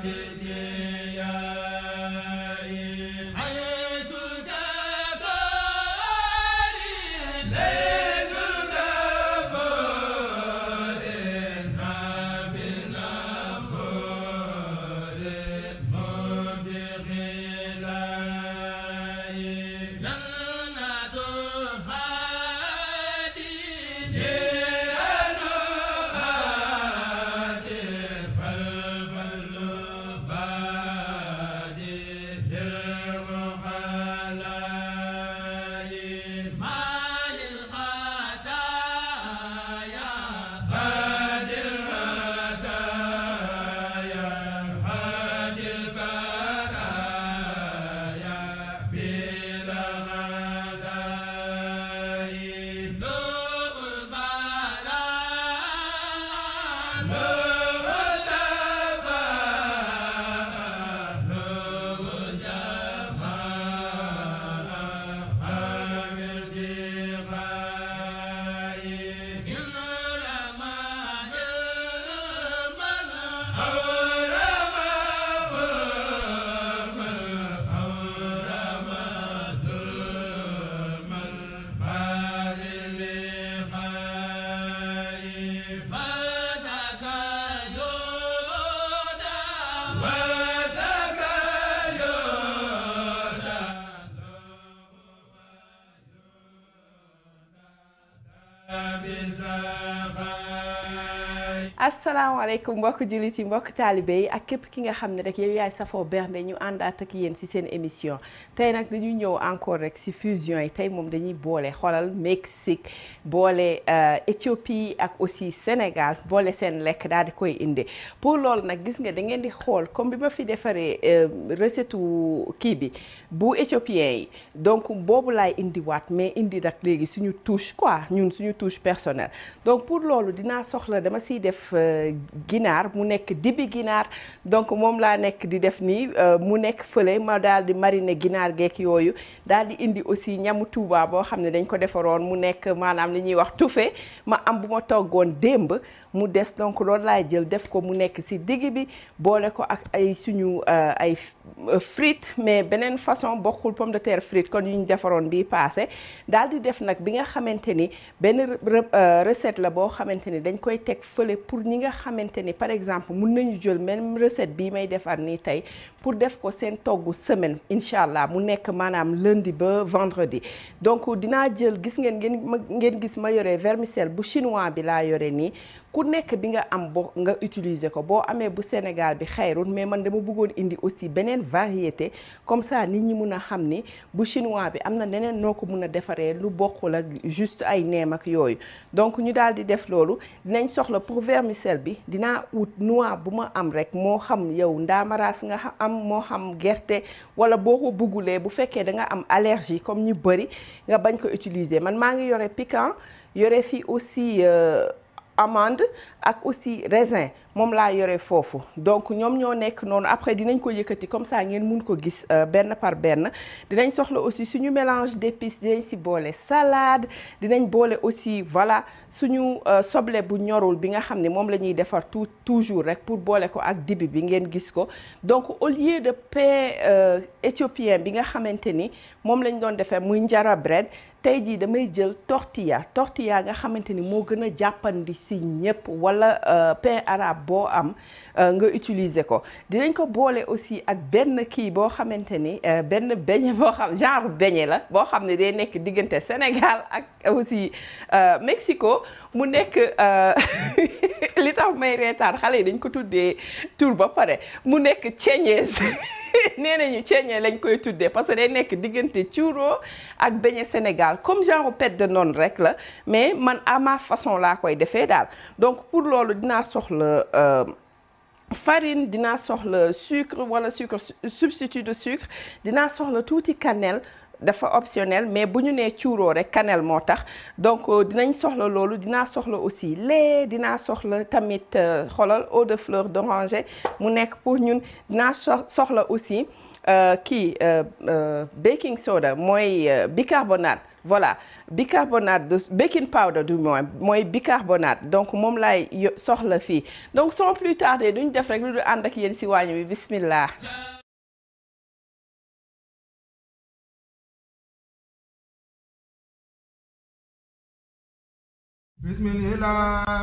di asalaamaaleykum mbokk jullit yi mbokk taalibe yi ak képp ki nga xam ne rek yow yaay safoo bernde ñu àndaat ak yéen ci seen émission tey nag dañuy ñëw encore rek ci fusion yi tey moom dañuy boole xoolal Mexique boole euh, Éthiopie ak aussi Sénégal boole seen lekk daal di koy indi pour loolu nag gis nga da di xool comme bi ma fi defaree euh, recette kii bi bu éthiopien yi donc boobu laay indiwaat mais indi nag léegi suñu touche quoi ñun suñu touche personnel donc dama siy def euh, ginaar mu nekk dibi ginaar donc moom laa nekk di def nii euh, mu nekk fële ma daal di mariner ginaar geek yooyu daal di indi aussi ñam Tuuba boo xam ne dañ ko defaroon mu nekk maanaam li ñuy wax tufe ma am bu ma toggoon démb mu des donc loolu laay jël def ko mu nekk si digg bi boole ko ak ay suñu euh, ay euh, frites mais beneen façon bokkul pomme de terre frite kon yu ñu defaroon bii paase daal di def nag bi nga xamante ni benn recette la boo xamante ni dañ koy teg fële pour ñi xamante ni par exemple mun nañu jël même recette bii may defar nii tey pour def ko seen togg semaine incha allah mu nekk maanaam lundi ba vendredi donc dinaa jël gis ngeen ngeen ngeen gis ma yore vermicelle bu chinois bi laa yore nii ku nekk bi nga am boo nga utiliser ko boo amee bu Sénégal bi xayrun mais man dama bëggoon indi aussi beneen variété comme ça nit ñi mun a xam ni bu chinois bi am na neneen noo ko mun a defaree lu bokkul ak juste ay neemak yooyu donc ñu daal di def loolu dinañ soxla pour vermicelle bi dina wut noix bu ma am rek moo xam yow ndaamaraas nga am moo xam gerte wala boo ko buggulee bu fekkee da nga am allergie comme ñu bëri nga bañ ko utiliser man maa ngi yore piquant yore fi aussi euh, amande ak aussi raisin moom laa yore foofu donc ñoom ñoo nekk noonu après dinañ ko yëkkati comme ça ngeen mun ko gis euh, benn par benn dinañ soxla aussi suñu mélange d'épices dinañ si boole salade dinañ boole aussi voilà suñu euh, soble bu ñorul bi nga xam ne moom la ñuy defar tout toujours rek pour boole ko ak dibi bi ngeen gis ko donc au lieu de pain euh, éthiopien bi nga xamante ni moom lañ doon defee muy njara bread tey jii damay jël tortilla tortilla nga xamante ni moo gën a jàppandi si ñëpp wala euh, pain arabe boo am euh, nga utiliser ko dinañ ko boole aussi ak benn kii boo xamante ni euh, benn beñe boo xam genre beñe la boo xam ne day nekk diggante Sénégal ak aussi Mexico mu nekk li tax may reetaan xale yi dañ ko tuddee tur ba pare mu nekk ceñees nee nañu ceeñee lañ koy tuddee parce que day nekk diggante churro ak beignet Sénégal comme genre pâte de nonne rek la mais man à façon laa koy defee daal donc pour loolu dinaa soxla euh, farine dinaa soxla sucre wala sucre substitut de sucre dinaa soxla tuuti cannelle dafa optionnel mais bu ñu nee cuuroo rek kanel moo tax donc euh, dinañ soxla loolu dinaa soxla aussi lait dinaa soxla tamit euh, xolal eau de fleur d'oranger mu nekk pour ñun dinaa soxla aussi euh, kii baking soda mooy bicarbonate voilà bicarbonate de baking powder du mooy bicarbonate donc moom lay soxla fii donc sans plus du ñu def rek lu du ànd ak yéen si waañ bi bismillah bismillaahi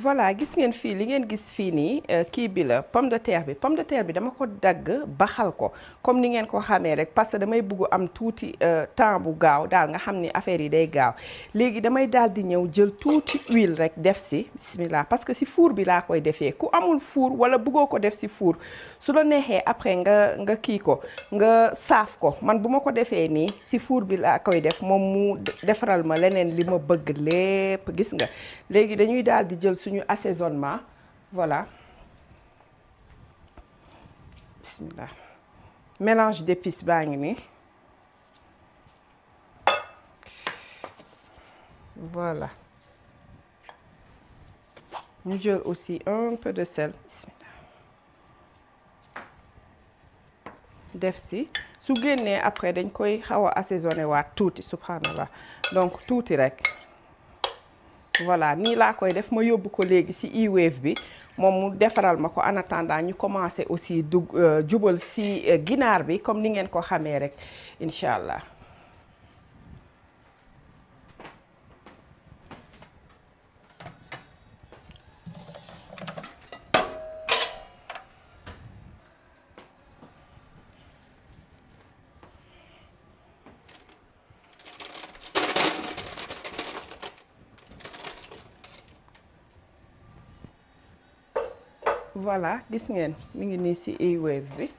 voilà gis ngeen fii li ngeen gis fii nii euh, kii bi la pomme de terre bi pomme de terre bi dama ko dagg baxal ko comme ni ngeen ko xamee rek parce que damay bëgg am tuuti euh, temps bu gaaw daal nga xam ni affaire yi day gaaw léegi damay daal di ñëw jël tuuti huile rek def si bismillah parce que si fuur bi laa koy defee ku amul fuur wala buggoo ko def si four su la neexee après nga nga kii ko nga saaf ko man bu ma ko defee nii si four bi laa koy def moom mu defaral ma leneen li ma bëgg lépp gis nga léegi dañuy daal di jël su suñu assaisonnement voilà bismillah mélange d'épices baa ngi nii voilà ñu jël aussi un peu de sel bismillah def si su génnee après dañ koy xaw a assaisonné waat tuuti la donc tuuti rek voilà nii laa koy def ma yóbbu ko léegi ci e bi moom mu defaral ma ko en attendant ñu commencé aussi dug euh, jubal ci euh, ginaar bi comme ni ngeen ko xamee rek incha allah voilà gis ngeen mi ngi nii ci e-wave bi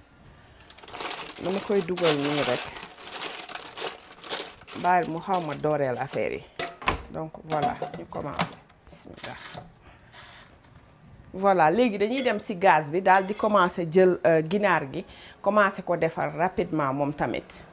dama koy dugal nii rek bàyyil mu xaw ma dooreel affaire yi donc voilà ñu commencé bismillah voilà léegi dañuy dem ci gaz bi daal di commencé jël euh, ginaar gi commencé ko defar rapidement moom tamit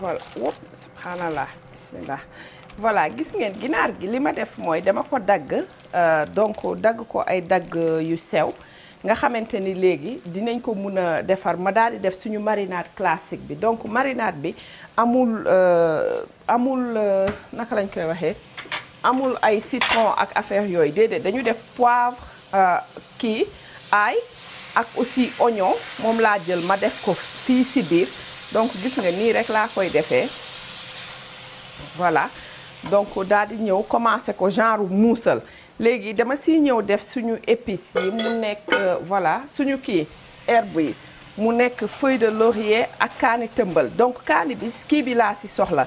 voilà wop subhanallah bismillah voilà gis ngeen ginaar gi li ma def mooy dama ko dagg euh, donc dagg ko ay dagg yu sew nga xamante ni léegi dinañ ko mun a defar ma daal di def suñu marinade classique bi donc marinaad bi amul euh, amul euh, naka lañ koy waxee amul ay citron ak affaire yooyu déedéet dañu def poivre kii ail ak aussi oignon moom laa jël ma def ko fii si biir donc gis nga nii rek laa koy defee voilà donc daal di ñëw commencé ko genre muusal léegi dama ci ñëw def suñu épices yi mu nekk euh, voilà suñu kii herbe yi mu nekk feuille de laurier ak kaani tëmbal donc kaani bi kii bi laa si soxla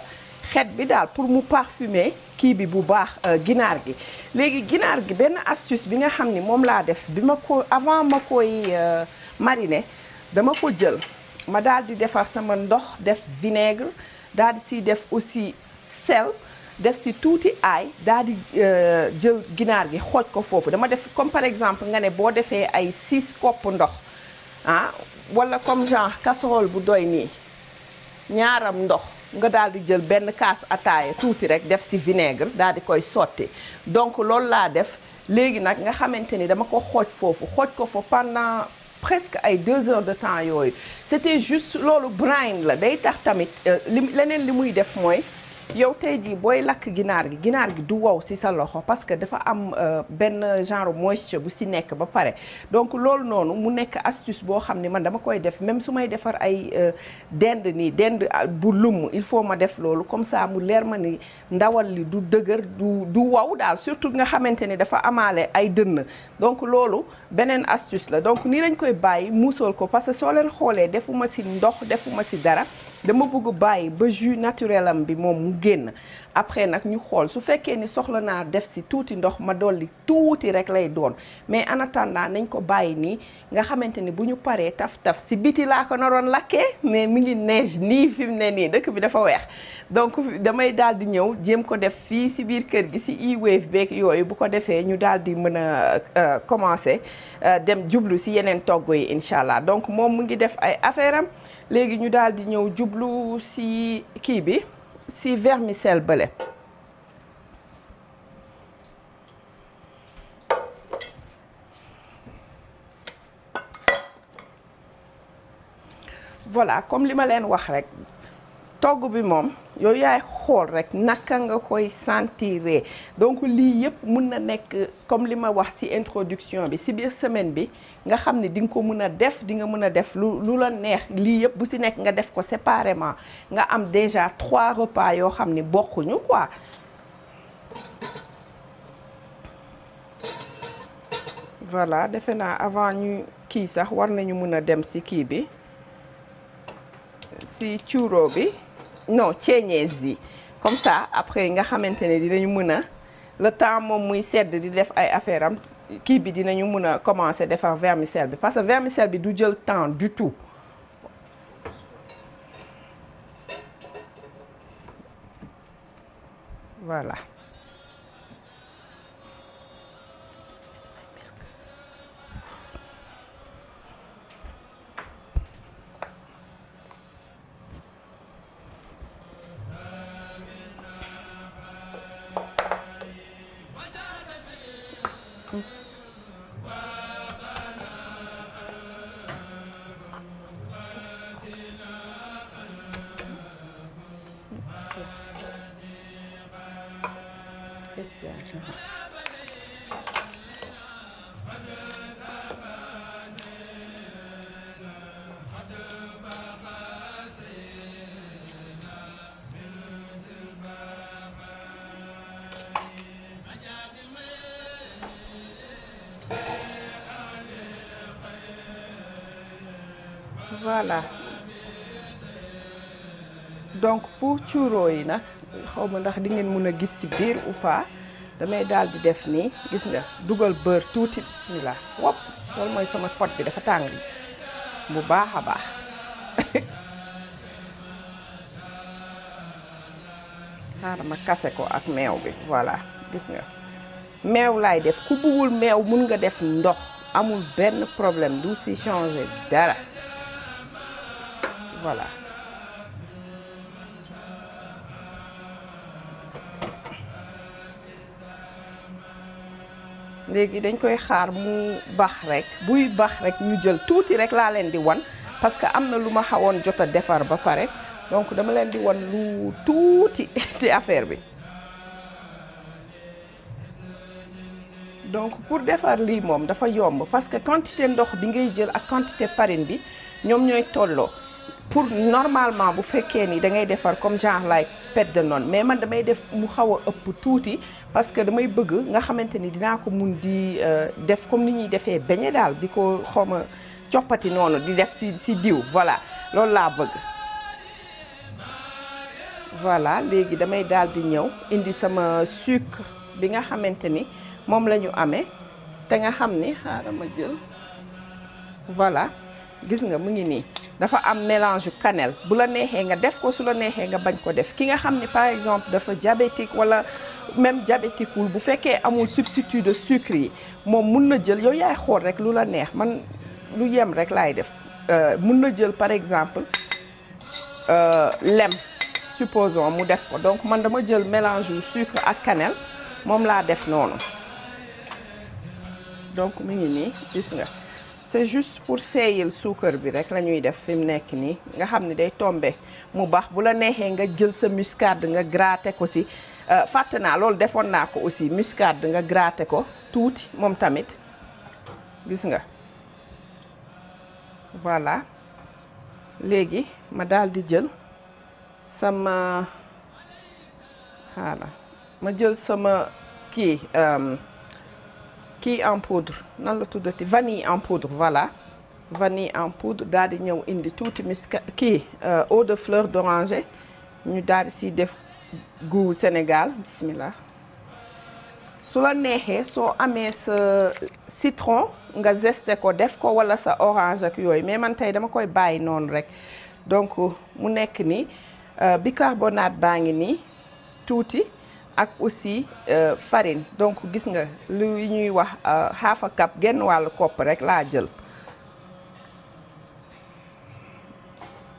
xet bi daal pour mu parfumer kii bi bu baax euh, ginaar gi léegi ginaar gi benn astuce bi nga xam ni moom laa def bi ma ko avant ma koy euh, mariner dama ko jël ma daal di defar sama ndox def vinaigre daal di si def aussi sel def si tuuti aay daal di euh, jël ginaar gi xooj ko foofu dama def comme par exemple nga ne boo defee ay six kopp ndox ah wala comme genre casserole bu doy nii ñaaram ndox nga daal di jël benn kaas ataaya tuuti rek def si vinaigre daal di koy sotti donc loolu laa def léegi nag nga xamante ni dama ko xooj foofu xooj ko foofu pendant presque ay deux heures de temps yooyu c'était juste loolu brine la day tax tamit euh, li leneen li muy def mooy yow tey jii booy lakk ginaar gi ginaar gi du wow ci sa loxo parce que dafa am euh, benn genre moisture bu ci nekk ba pare donc loolu noonu mu nekk astuce boo xam ne man dama koy def même su may defar ay euh, dend nii dend euh, bu lum il faut ma def loolu comme sa mu leer ma ni ndawal li du dëgër du du wow daal surtout nga xamante ni dafa amaale ay dënn donc loolu beneen astuce la donc nii lañ koy bàyyi muusool ko parce que soo leen xoolee defuma ci ndox defuma ci dara dama bëgg bàyyi ba ju naturel am bi moom mu génn après nag ñu xool su fekkee ni soxla naa def si tuuti ndox ma dolli tuuti rek lay doon mais en nañ ko bàyyi nii nga xamante ni bu ñu paree taf-taf si biti laa ko naroon lakkee mais mi ngi neige nii fi mu ne nii dëkk bi dafa weex donc damay daal di ñëw jéem ko def fii si biir kër gi si e-wave yooyu bu ko defee ñu daal di mën a euh, commencer euh, dem jublu si yeneen togg yi incha allah donc moom mu ngi def ay affaire am léegi ñu daal di ñëw jublu si kii bi si vermicelle bële voilà comme li ma leen wax rek togg bi moom yow yaay xool rek naka nga koy sentiree donc lii yëpp mun na nekk comme li ma wax ci introduction bi ci biir semaine bi nga xam ni dinga ko mën a def dinga mën a def lu la neex lii yëpp bu si nekk nga def ko séparément nga am déjà trois repas yoo xam ni bokkuñu ko voilà defe naa avant ñu kii sax war nañu mën a dem ci kii bi ci cuuroo bi. non ceeñees yi comme ça après nga xamante ne dinañu mën a le temps moom muy sedd di def ay affaire am kii bi dinañu mën a commencer defar vermicelle bi parce que vermicelle bi du jël temps du tout voilà cuuroo yi nag xaw ma ndax dingeen mën a gis ci biir ou damay daal di def nii gis nga dugal beurre tuuti bismillah wopp loolu mooy sama pot bi dafa tàng bu baax a baax xaaral ma kase ko ak meew bi voilà gis nga meew laay def ku bëggul meew mun nga def ndox amul benn problème du ci changer dara voilà léegi dañ koy xaar mu bax rek buy bax rek ñu jël tuuti rek laa leen di wan parce que am na lu ma xawoon jot a defar ba pare donc dama leen di wan lu tuuti ci affaire bi donc pour defar lii moom dafa yomb parce que quantité ndox bi ngay jël ak quantité farine bi ñoom ñooy tolloo pour normalement bu fekkee nii da ngay defar comme genre like pet de noon mais man damay def mu xaw a ëpp tuuti parce que damay bëgg nga xamante ni dinaa ko mun di euh, def comme ni ñuy defee beñe daal di ko xawma coppati noonu di def si si diw voilà loolu laa bëgg voilà léegi damay daal di ñëw indi sama sucre bi nga xamante ni moom la ñu amee te nga xam ni xaaral ma jël voilà gis nga mu ngi nii dafa am mélange cannelle bu la neexee nga def ko su la neexee nga bañ ko def ki nga xam ne par exemple dafa diabétique wala même diabétique bu fekkee amul substitut de sucre yi moom mun na jël yow yaay xool rek lu la neex man lu yem rek laay def euh, mun na jël par exemple euh, lem supposons mu def ko donc man dama jël mélange wu sucre ak cannelle moom laa def noonu donc mu ngi nii gis nga c'est juste pour seeyil suukar bi rek la ñuy def fi mu nekk nii nga xam ni day tombe mu baax bu la neexee nga jël sa muscade nga gratter ko si euh, fàtte naa loolu defoon naa ko aussi muscade nga gratter ko tuuti moom tamit gis nga voilà léegi ma daal di jël sama xaaral ma jël sama kii euh, kii en poudre nan la tuddati vanille en poudre voilà vanille en poudre daal di ñëw indi tuuti muscat kii euh, eau de fleur d'oranger ñu daal di siy def goût Sénégal bismillah su la neexee soo amee sa citron nga zeste ko def ko wala sa orange ak yooyu mais man tey dama koy bàyyi noonu rek donc mu nekk ni bi euh, bicarbonate baa ngi nii tuuti. ak aussi euh, farine donc gis nga lu ñuy wax euh, half a cup genn wàllu kopp rekk laa jël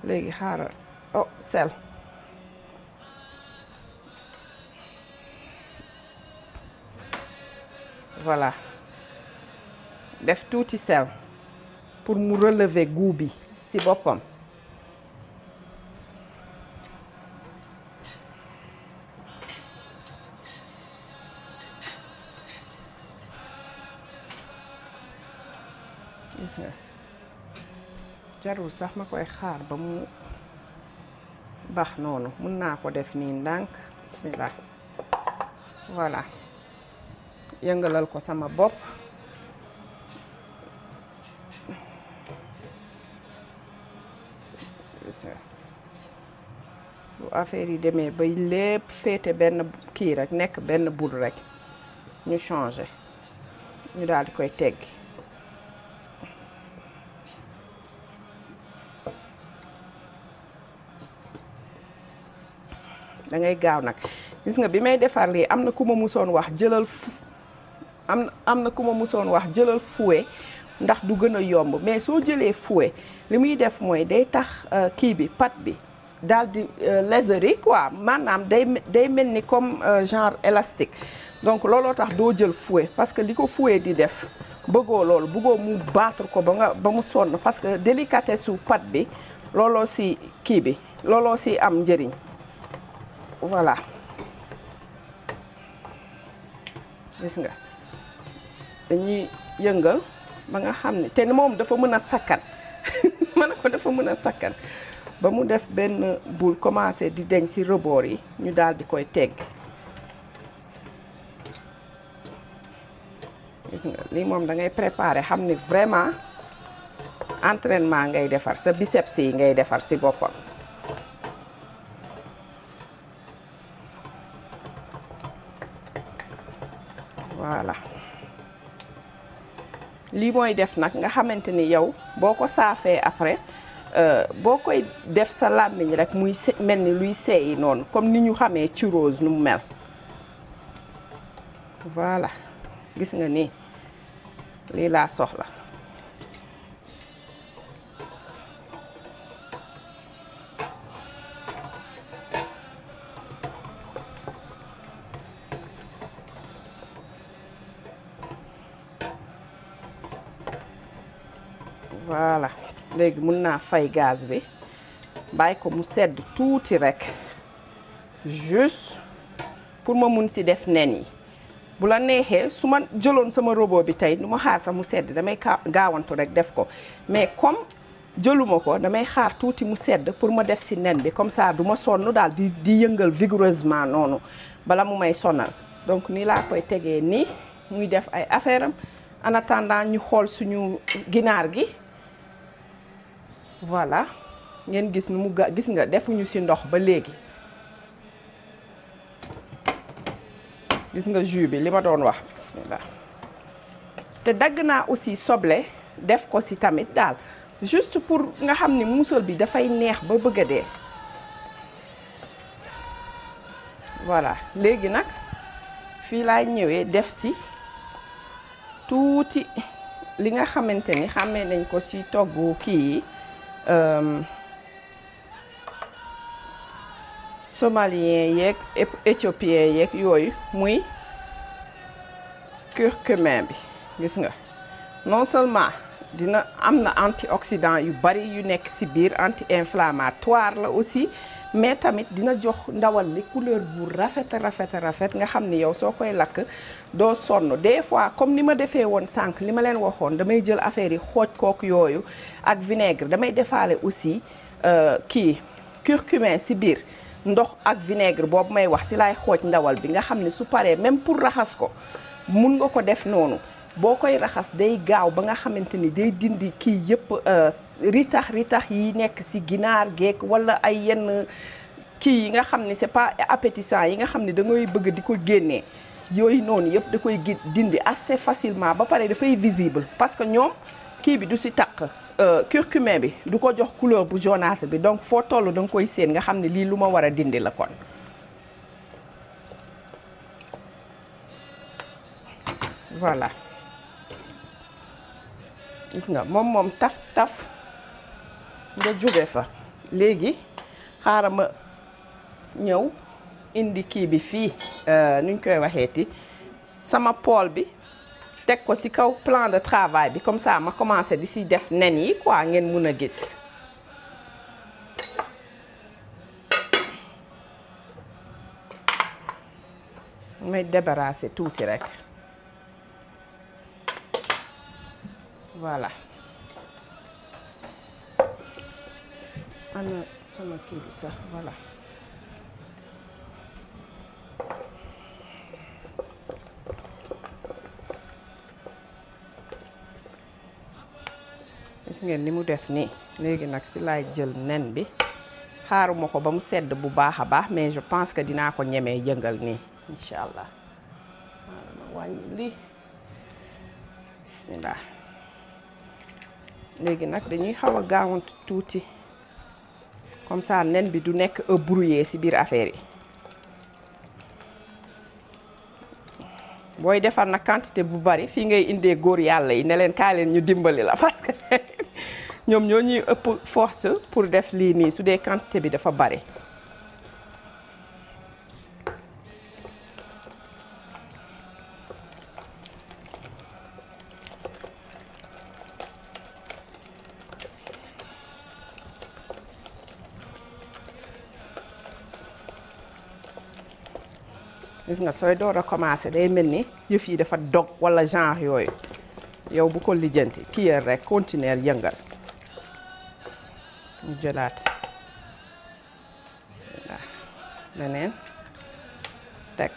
léegi xaaral oh sel voilà def tuuti sel pour mu relever goût bi ci boppam six er. sax ma koy xaar ba mu baax noonu mun naa ko def nii ndànk bismillah voilà yëngalal ko sama bopp lu er. affaire yi demee ba lépp féete benn kii rek nekk benn boule rek ñu changé ñu daal koy teggi da ngay gaaw nag gis nga bi may defar lii am na ku ma musoon wax jëlal am am na ku ma musoon wax jëlal fouet ndax du gën a yomb mais soo jëlee fouet li muy def mooy day tax euh, kii bi pat bi daal di euh, lézeri quoi maanaam day mel ni comme euh, genre élastique donc looloo tax doo jël fouet parce que li ko fouet di def bëggoo loolu bëggoo mu battre ko ba ba mu sonn parce que délicatesse su pat bi looloo si kii bi looloo si am njëriñ voilà gis nga dañuy yëngal ba nga xam ne te moom dafa mën a sakkan mën a ko dafa mën a sakkan ba mu def benn boule commencé di deñ si rebord yi ñu daal di koy tegg gis nga lii moom da ngay préparer xam ni vraiment entraînement ngay defar sa biceps yi ngay defar si boppam voilà lii mooy def nag nga xamante ni yow boo ko saafee après euh, boo koy def sa làmmiñ rek muy mel ni luy seeyi noonu comme ni ñu xamee ci rose nu mu mel voilà gis nga nii lii laa soxla voilà léegi mun naa fay gaz bi bàyyi ko mu sedd tuuti rek juste pour ma mun si def nen yi bu la neexee su ma jëloon sama robo bi tey du ma xaar sax mu sedd damay gaawantu rek def ko mais comme jëluma ko damay xaar tuuti mu sedd pour ma def si nen bi comme ça duma ma sonn daal di di yëngal vigoureusement noonu bala mu may sonal donc nii laa koy tegee nii muy def ay affaire am en ñu xool suñu ginaar gi voilà ngeen gis nu mu ga gis nga defuñu ci ndox ba léegi gis nga jus bi li ma doon wax bismillah te dagg naa aussi soble def ko ci tamit daal juste pour nga xam ni muusal bi dafay neex ba bëgg a dee voilà léegi nag fii laay ñëwee def ci tuuti li nga xamante ni xàmmee nañ ko ci togg kii yi Ehm, somalien yeeg éthiopien yeeg yooyu muy curcumin bi gis nga non seulement dina am na antioxydant yu bari yu nekk ci biir anti-inflammatoire la aussi mais tamit dina jox ndawal li couleur bu rafet rafet rafet nga xam ni yow soo koy lakk doo sonn des fois comme ni ma defee woon sànq li ma leen waxoon damay jël affaire yi xooj kook yooyu ak vinaigre damay defaale aussi euh, kii curcumin si biir ndox ak vinaigre boobu may wax si laay xooj ndawal bi nga xam ni su paree même pour raxas ko mun nga ko def noonu boo koy raxas day gaaw ba nga xamante ni day dindi kii yëpp euh, ritax ritax yi nekk ci ginaar geek walla ay yenn kii yi nga xam ne c'est pas appétissant yi nga xam ne da ngay bëgg di ko génnee yooyu noonu yëpp da koy dindi assez facilement ba pare dafay visible parce que ñoom kii bi du si taq euh, curcumin bi du ko jox couleur bu jaunâtre bi donc foo toll da nga koy séen nga xam ne lii lu ma war a dindi la kon voilà gis nga moom moom taf taf nga jóge fa léegi xaaral ma ñëw indi kii bi fii euh, nuñ koy waxee ti sama pool bi teg ko ci kaw plan de travail bi comme saa ma commencé di ci def nen yi waa ngeen mun a gis may débarrasser tuuti rek voilà ana sama kii bi sax voilà gis ngeen mu def nii léegi nag ci laay jël nen bi xaaruma ko ba mu sedd bu baax a baax mais je pense que dinaa ko ñemee yëngal nii incha allah ma wàññi lii bismillah léegi nag dañuy xaw gaawantu tuuti comme ça nen bi du nekk brouillé ci biir affaire yi booy defar na quantité bu bari fii ngay indee góor yàlla yi ne leen kaa ñu dimbali la parce ñoom ñoo ñuy ëpp force pour def lii nii su dee quantité bi dafa bari gis nga sooy door a commencé day mel ni yëf yi dafa dog wala genre yooyu yow bu ko lijjanti kii rek continuer yëngal ñu jëlaat leneen teg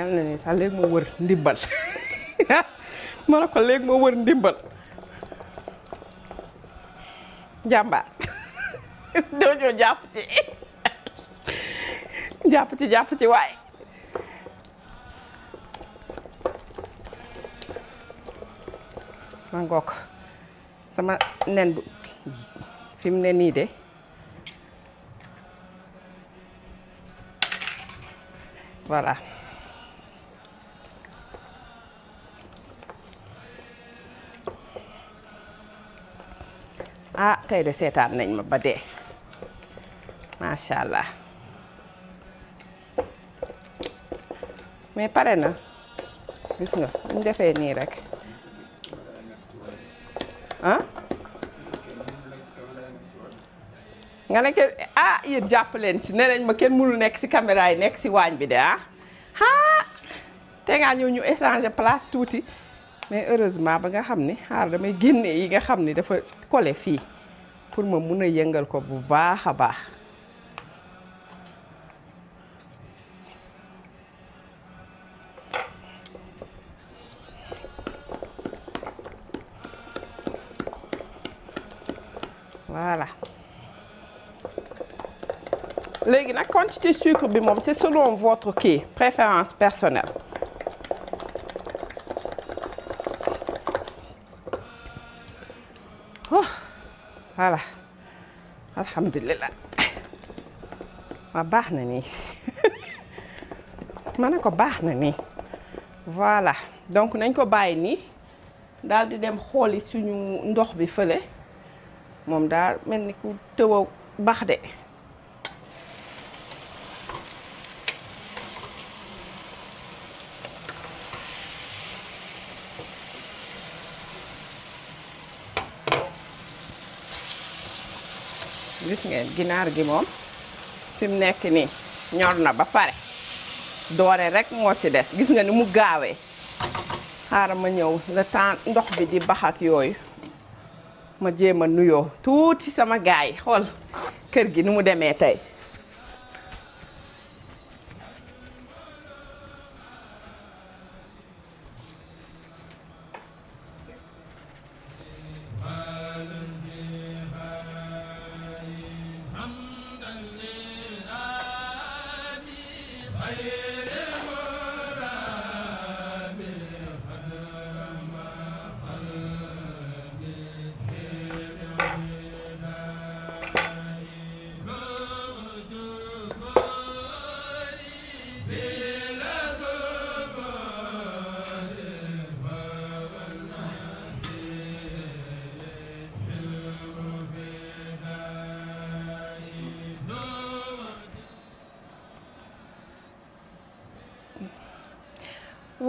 mel na ni sax léegi ma wër ndimbal ma ne ko wër ndimbal jàmbaar doo jàpp ci jàpp ci jàpp ci waaye ma ngoog sama nen bu fi mu ne nii de voilà ah tey de seetaan nañ ma ba dee macha allah mais pare na gis nga buñ defee nii rek ah nga ne kenn ah yéen jàpp leen si ne nañ ma kenn mënul nekk si caméra yi nekk si waañ bi de ah ah te ngaa ñëw ñu échanger place tuuti mais heureusement ba nga xam ni xaar damay génne yi nga xam ni dafa collé fii pour ma mun a yëngal ko bu baax a baax voilà léegi nag quantité sucre bi moom c'est selon votre kii préférence personnelle voilà alhamdulilah waaw ah, baax na nii ma ne ko baax na nii voilà donc nañ ko bàyyi nii daal di dem xooli suñu ndox bi fële moom daal mel ni ku tëw a baax de ginaar gi moom fi mu nekk nii ñor na ba pare doore rekk moo ci des gis nga ni mu gaawee xaaral ma ñëw la temps ndox bi di bax yooyu ma jéem a nuyoo tuuti sama gaay xool kër gi ni mu demee tey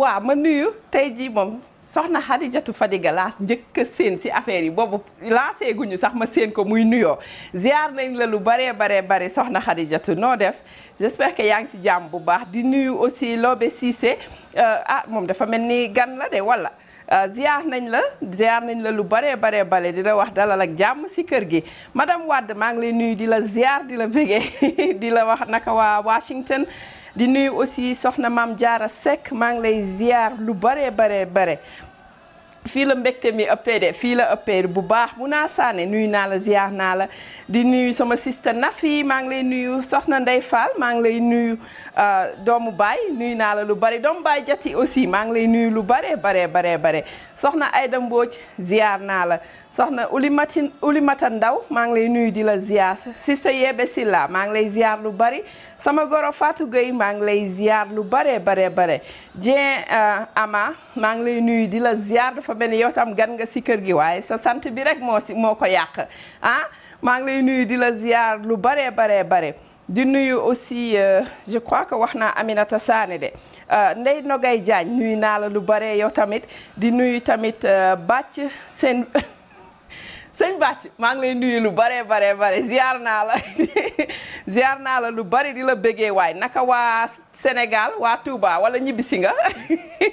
waaw ma nuyu tey jii moom soxna Xadijatu Fadiga laa njëkk séen si affaire yi boobu lancé guñu sax ma séen ko muy nuyoo ziar nañ la lu baree baree bare soxna Xadijatu noo def j'espère que yaa ngi si jàmm bu baax di nuyu aussi Lobé Cissé euh, ah moom dafa mel ni gan la de wala euh, ziar nañ la ziar nañ la lu baree baree bare di la wax dalal ak jàmm si kër gi madame Wade maa ngi lay nuyu di la ziar di la bége di la wax naka waa Washington di nuyu aussi soxna maam Jaara Seck maa ngi lay ziar lu bare bare bare fii la mbegte mi ëppee de fii la ëppee bu baax mu naa saane nuyu naa la ziar naa la di nuyu sama sista Nafi maa ngi lay nuyu soxna Ndey Fall maa ngi lay nuyu euh, doomu baay nuyu naa la lu bari doomu baay jati aussi maa ngi lay nuyu lu bare bare bare bare soxna Ayda Mbooj ziar naa la soxna Oulimati Oulimata Ndaw maa ngi lay nuyu di la si sa Yebe Silla maa ngi lay ziar lu bari sama goro Fatou Gueye maa ngi lay ziar lu bare bari bare Dieng euh, Ama maa ngi lay nuyu di la ziar dafa mel ni yow tam gan nga si kër gi waaye sa sant bi rek moo si moo ko yàq ah maa ngi lay nuyu di la ziar lu bare bare bari di nuyu aussi euh, je crois que wax naa Aminata Sané de euh, Ndey Nogay Diagne nuyu naa la lu bare yow tamit di nuyu tamit bàcc seen sëñ Bàcc maa ngi lay nuyu lu baree baree bare ziar naa la ziar naa la lu bari di la bëggee waaye naka waa Sénégal waa tuuba wala ñibbisi nga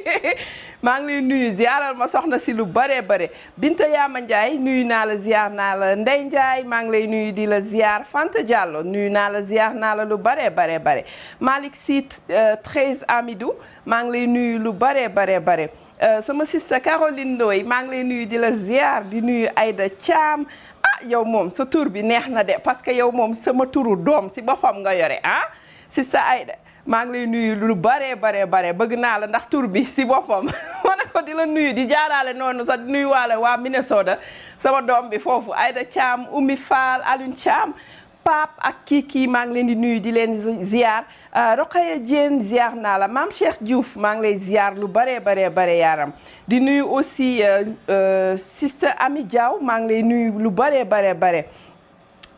maa ngi lay nuyu ziaral ma soxna si lu baree bare Binta Yaama Ndiaye nuyu naa la ziar naa la Ndey Ndiaye maa ngi lay nuyu di la ziar Fanta Diallo nuyu naa la ziar naa la lu baree baree bare Malick Sy 13 euh, Amidou maa ngi lay nuyu lu baree baree bare Euh, sama sista Caroline Ndoye maa ngi lay nuyu di la ziar di nuyu ayda Thiam ah yow moom sa tur bi neex na de parce que yow moom sama turu doom si boppam nga yore ah sista ayda maa ngi lay nuyu lu bare bare bare bëgg naa la ndax tur bi si boppam ma ne ko di la nuyu di jaaraale noonu sax di nuyu waale waa Minnesota sama doom bi foofu ayda Thiam Oumy Fall Alioune Thiam Pape ak kii kii maa ngi leen di nuyu di leen ziar Euh, Rokhaya Diène ziar naa la maam Cheikh Diouf maa ngi lay ziar lu baree baree bare yaaram di nuyu aussi euh, euh, sister Ami Diaw maa ngi lay nuyu lu baree baree bare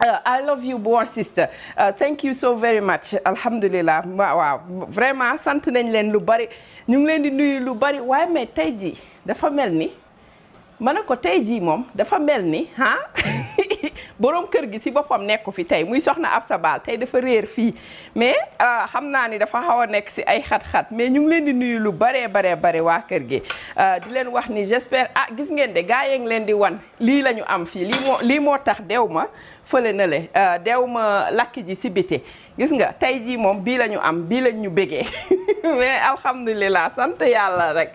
Uh, I love you born sister uh, thank you so very much alhamdulilah waaw vraiment sant nañ leen lu bari ñu ngi leen di nuyu lu bari waaye mais tey jii dafa mel ni ma ne ko tey jii moom dafa mel ni ah borom kër gi si boppam nekku fi tey muy soxna Absa Baal tey dafa réer fii mais euh, xam naa ni dafa xaw a nekk si ay xat-xat mais ñu ngi leen di nuyu lu baree baree bare waa kër gi euh, di leen wax ni j'espère ah gis ngeen de gaa ngi leen di wan lii la ñu am fii lii moo lii moo tax dew ma fële na le euh, dew ma lakk ji si biti gis nga tey jii moom bii la ñu am bii lañ ñu bégee mais alhamdulilah sant yàlla rek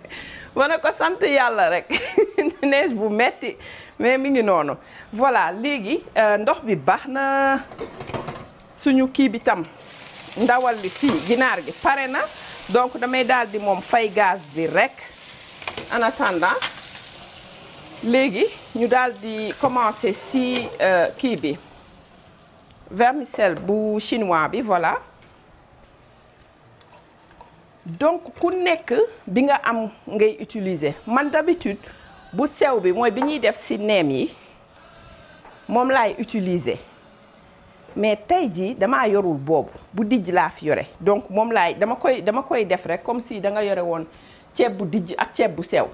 ma ne ko sant yàlla rek neige bu metti mais mi ngi noonu voilà léegi euh, ndox bi baax na suñu kii bi tam ndawal li fii ginaar gi pare na donc damay daal di moom fay gaz bi rek en léegi ñu dal di commencer ci euh, kii bi vermicelle bu chinois bi voilà donc ku nekk bi nga am ngay utiliser man d'habitude bu sew bi mooy bi ñuy def ci neem yi moom laay utiliser mais tey jii damaa yorul boobu bu dijj laa fi yore donc moom laay dama koy dama koy def rek comme si da nga yore woon ceeb bu dijj ak ceeb bu sew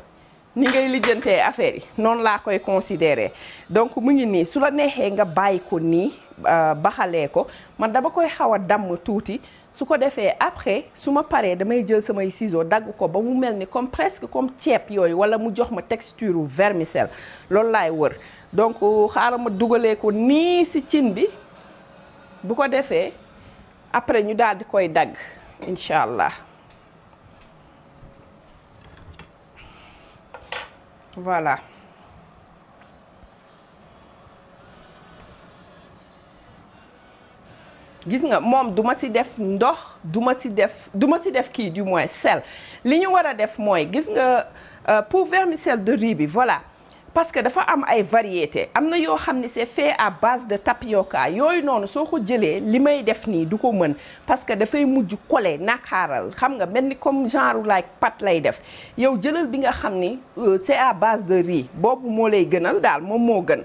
ni ngay lijjantee affaire yi noonu laa koy considérer donc mu ngi nii su la neexee nga bàyyi ko nii euh, baxalee ko man dama koy xaw a damm tuuti su ko defee après su ma paree damay jël samay ciseaux dagg ko ba mu mel ni comme presque comme ceeb yooyu wala mu jox ma texture vermicelle loolu laay wër donc xaaral ma dugalee ko nii si cin bi bu ko defee après ñu daal di koy dagg incha allah voilà. gis nga moom du ma ci def ndox du ma ci def duma ma ci def kii du moins sel li ñu war a def mooy gis nga euh, pour vermicelle de riz bi voilà parce que dafa am ay variété am na yoo xam ni c'est fait à base de tapioca yooyu noonu soo ko jëlee li may def nii du ko mën parce que dafay mujj collé nakaaral xam nga mel ni comme genre like pâte lay def yow jëlal bi nga xam ni euh, c'est à base de riz boobu moo lay gënal daal moom moo gën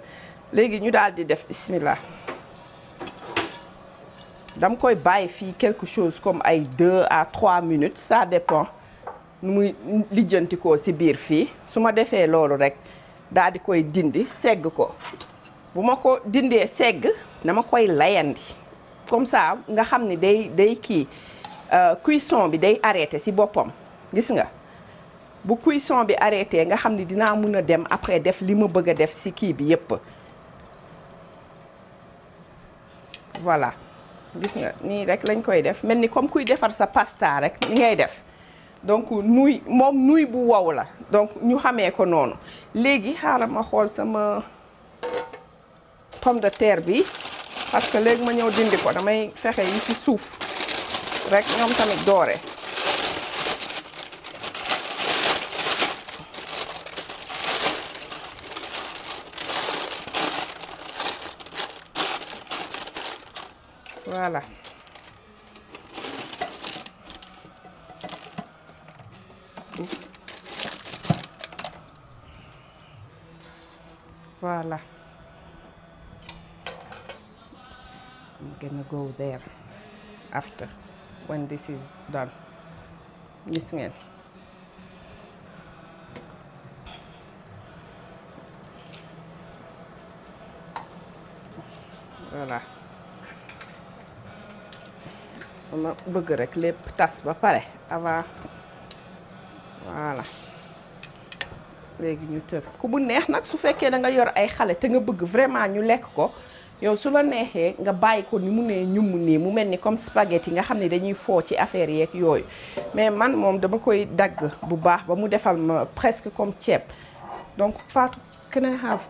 léegi ñu daal di def bismillah dama koy bàyyi fii quelque chose comme ay deux à trois minutes ça dépend nu muy lijjanti ko ci biir fii su ma defee loolu rek daal di koy dindi segg ko bu ma ko dindee segg dama koy layandi comme ça nga xam ni day day kii euh, cuisson bi day arrêté si boppam gis nga bu cuisson bi arrêté nga xam ni dinaa mun a dem après def li ma bëgg a def ci kii bi yépp voilà gis nga nii rek lañ koy def mel ni comme kuy defar sa pasta rek ni ngay def donc nuy moom nuy bu wow la donc ñu xamee ko noonu léegi xaaral ma xool sama pomme de terre bi parce que léegi ma ñëw dindi ko damay fexe yi ci suuf rek ñoom tamit doore voilà voilà I'm gonna go there after when this is done gis ngeen voilà ma bëgg rek lépp tas ba pare avant voilà léegi ñu tër ku mu neex nag su fekkee da nga yor ay xale te nga bëgg vraiment ñu lekk ko yow su la neexee nga bàyyi ko ni mu nee ñum nii mu mel ni comme spaghetti nga xam ne dañuy foo ci affaire yeeg yooyu mais man moom dama koy dagg bu baax ba mu defal ma presque comme ceeb donc Fatou can have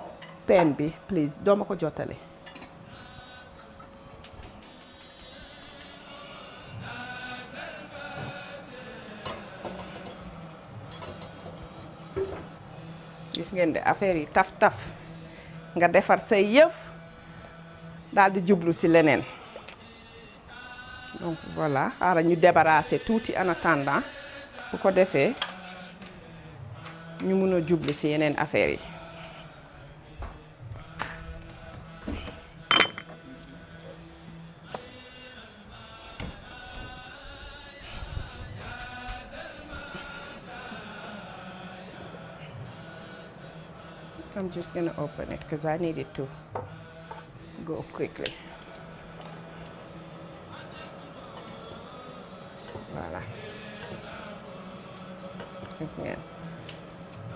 pen bi please doo ko jottale ngeen di yi taf taf nga defar say yëf daal di jublu ci leneen donc voilà xaaral ñu débarrasser tuuti en attendant bu ko defee ñu mun a jublu ci yeneen affaire yi. just gonna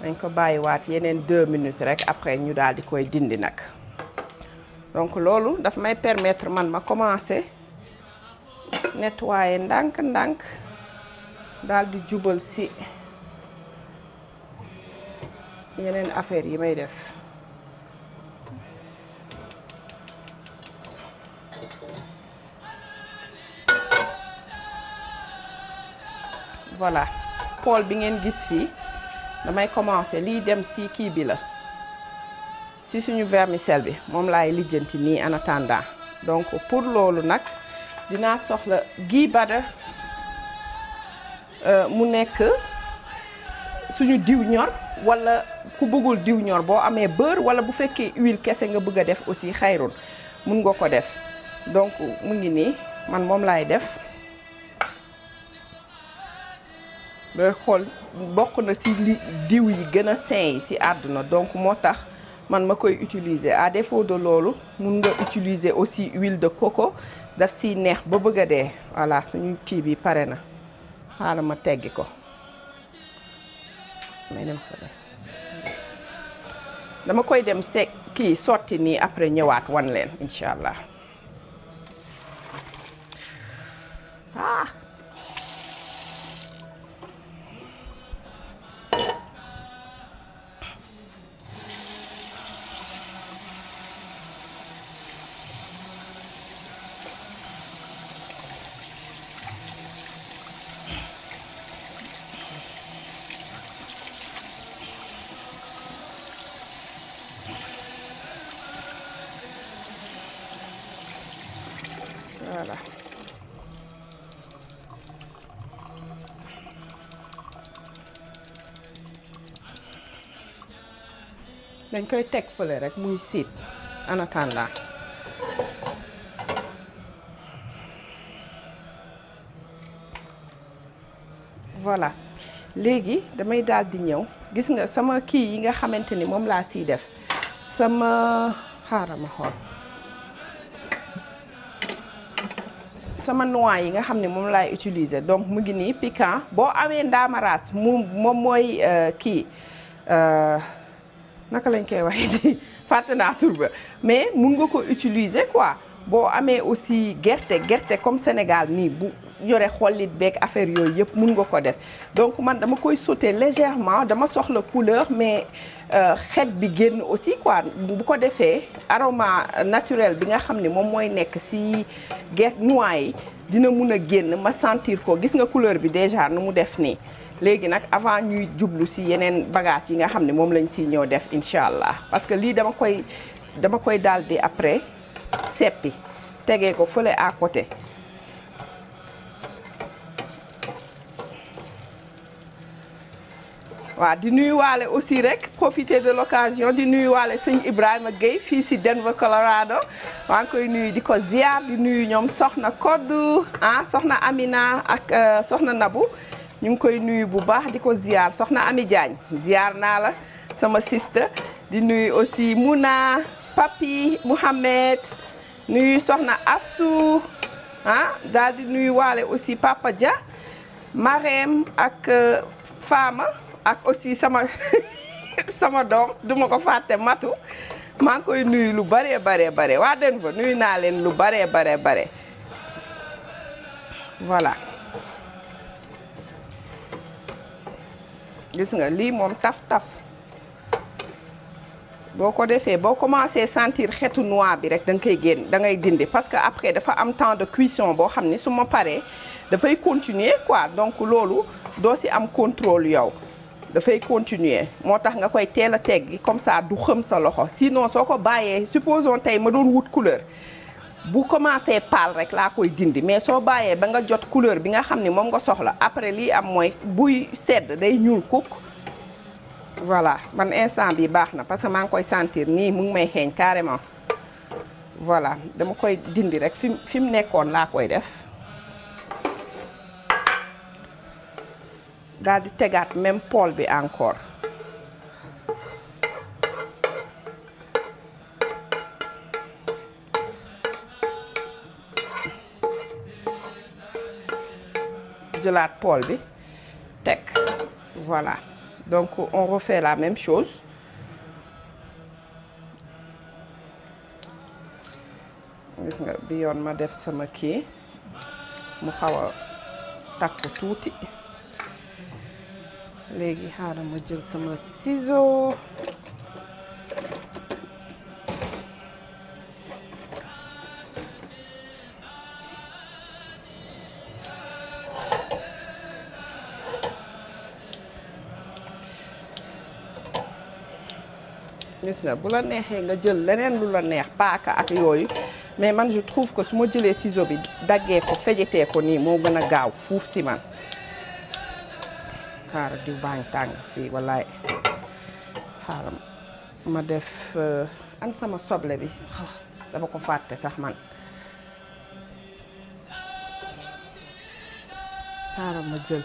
dañ ko bàyyi waat yeneen deux minutes rek après ñu daal di koy dindi nag donc loolu daf may permettre man ma commencer nettoyer ndànk-ndànk daldi jubal si yeneen affaire yi may def voilà pool bi ngeen gis fii damay commencer liy dem si kii bi la ci suñu vermicelle bi moom laay lijjanti nii en attendant donc pour loolu nag dinaa soxla gii bada euh, mu nekk suñu diw ñor walla ku bëggul diw ñor boo amee bër wala bu fekkee huile kese nga bëgg a def aussi xayrul mun nga ko def donc mu ngi nii man moom laay def booy xool bokk na ci diw yi gën a sain yi ci àdduna donc moo tax man ma koy utiliser à défaut de loolu mun nga utiliser aussi huile de coco daf ciy neex ba bëgg a dee voilà suñu kii bi pare na xaaral ma teggi ko dama koy dem se kii sotti nii après ñëwaat wan leen incha allah ah! dañ koy teg fële rek muy siit en attendant voilà léegi damay daal di ñëw gis nga sama kii yi nga xamante ni moom laa siy def sama xaaral ma xool sama noix yi nga xam ne moom laay utiliser donc mu ngi nii piquant boo amee ndaamaraas mu moom mooy euh, kii euh, naka lañ koy waxee ci fàtte naa tur mais mun nga ko utiliser quoi boo amee aussi gerte gerte comme Sénégal nii bu yore xollit beeg affaire yooyu yëpp mun nga ko def donc man dama koy sauter légèrement dama soxla couleur mais euh, xet bi génn aussi quoi bu ko defee aroma naturel bi nga xam ni moom mooy nekk si gerte noix yi dina mun a génn ma sentir ko gis nga couleur bi déjà nu mu def nii léegi nag avant ñuy jublu si yeneen bagage yi nga xam ne moom lañ si ñëw def incha allah parce que lii dama koy dama koy daal di après seppi tegee ko fële à côté waaw di waale aussi rek profiter de l'occasion di nuyuwaale sëñ Ibrahima Gueye fii si Denver Colorado maa ngi koy nuyu di ko ziar di nuyu ñoom soxna Koddu ah soxna Amina ak euh, soxna Nabu ñu ngi koy nuyu bu baax di ko ziar soxna Ami Diagne ziar naa la sama sista di nuyu aussi Muna Papi Mouhamed nuyu soxna Assou ah daal di nuyu waale aussi Papa Dia Marème ak euh, faama ak aussi sama sama doom duma ko fàtte matu maa ngi koy nuyu lu bare bare bare waa den ba nuyu naa leen lu bare bare bare voilà gis nga lii moom taf-taf boo ko defee boo commencé sentir xetu noix bi rek da koy génn da ngay dindi parce que après dafa am temps de cuisson boo xam ni su ma paree dafay continuer quoi donc loolu doo si am contrôle yow dafay continuer moo tax nga koy teel a teggi comme ça du xëm sa loxo no soo ko bàyyee supposons tey ma doon wut couleur bu commencé paal rek laa koy dindi mais soo bàyyee ba nga jot couleur bi nga xam ni moom nga soxla après lii am mooy buy sedd day ñuul kukk voilà man instant bi baax na parce que maa ngi koy sentir nii mu ngi may xeeñ carrément voilà dama koy dindi rek fi fi mu nekkoon laa koy def daal di tegaat même pool bi encore jëlaat pool bi teg voilà donc on refait la même chose gis nga bi yoon ma def sama kii mu xaw a takku tuuti léegi xaaral ma jël sama ciseau gis nga bu la neexee nga jël leneen lu la neex paaka ak yooyu mais man je trouve que su ma jëlee ciseau bi daggee ko fejatee ko nii moo gën a gaaw fuuf si man xaara diw baa ngi tàng fii wallaay ma def euh, an sama soble bi dama ko fàtte sax man xaaram ma jël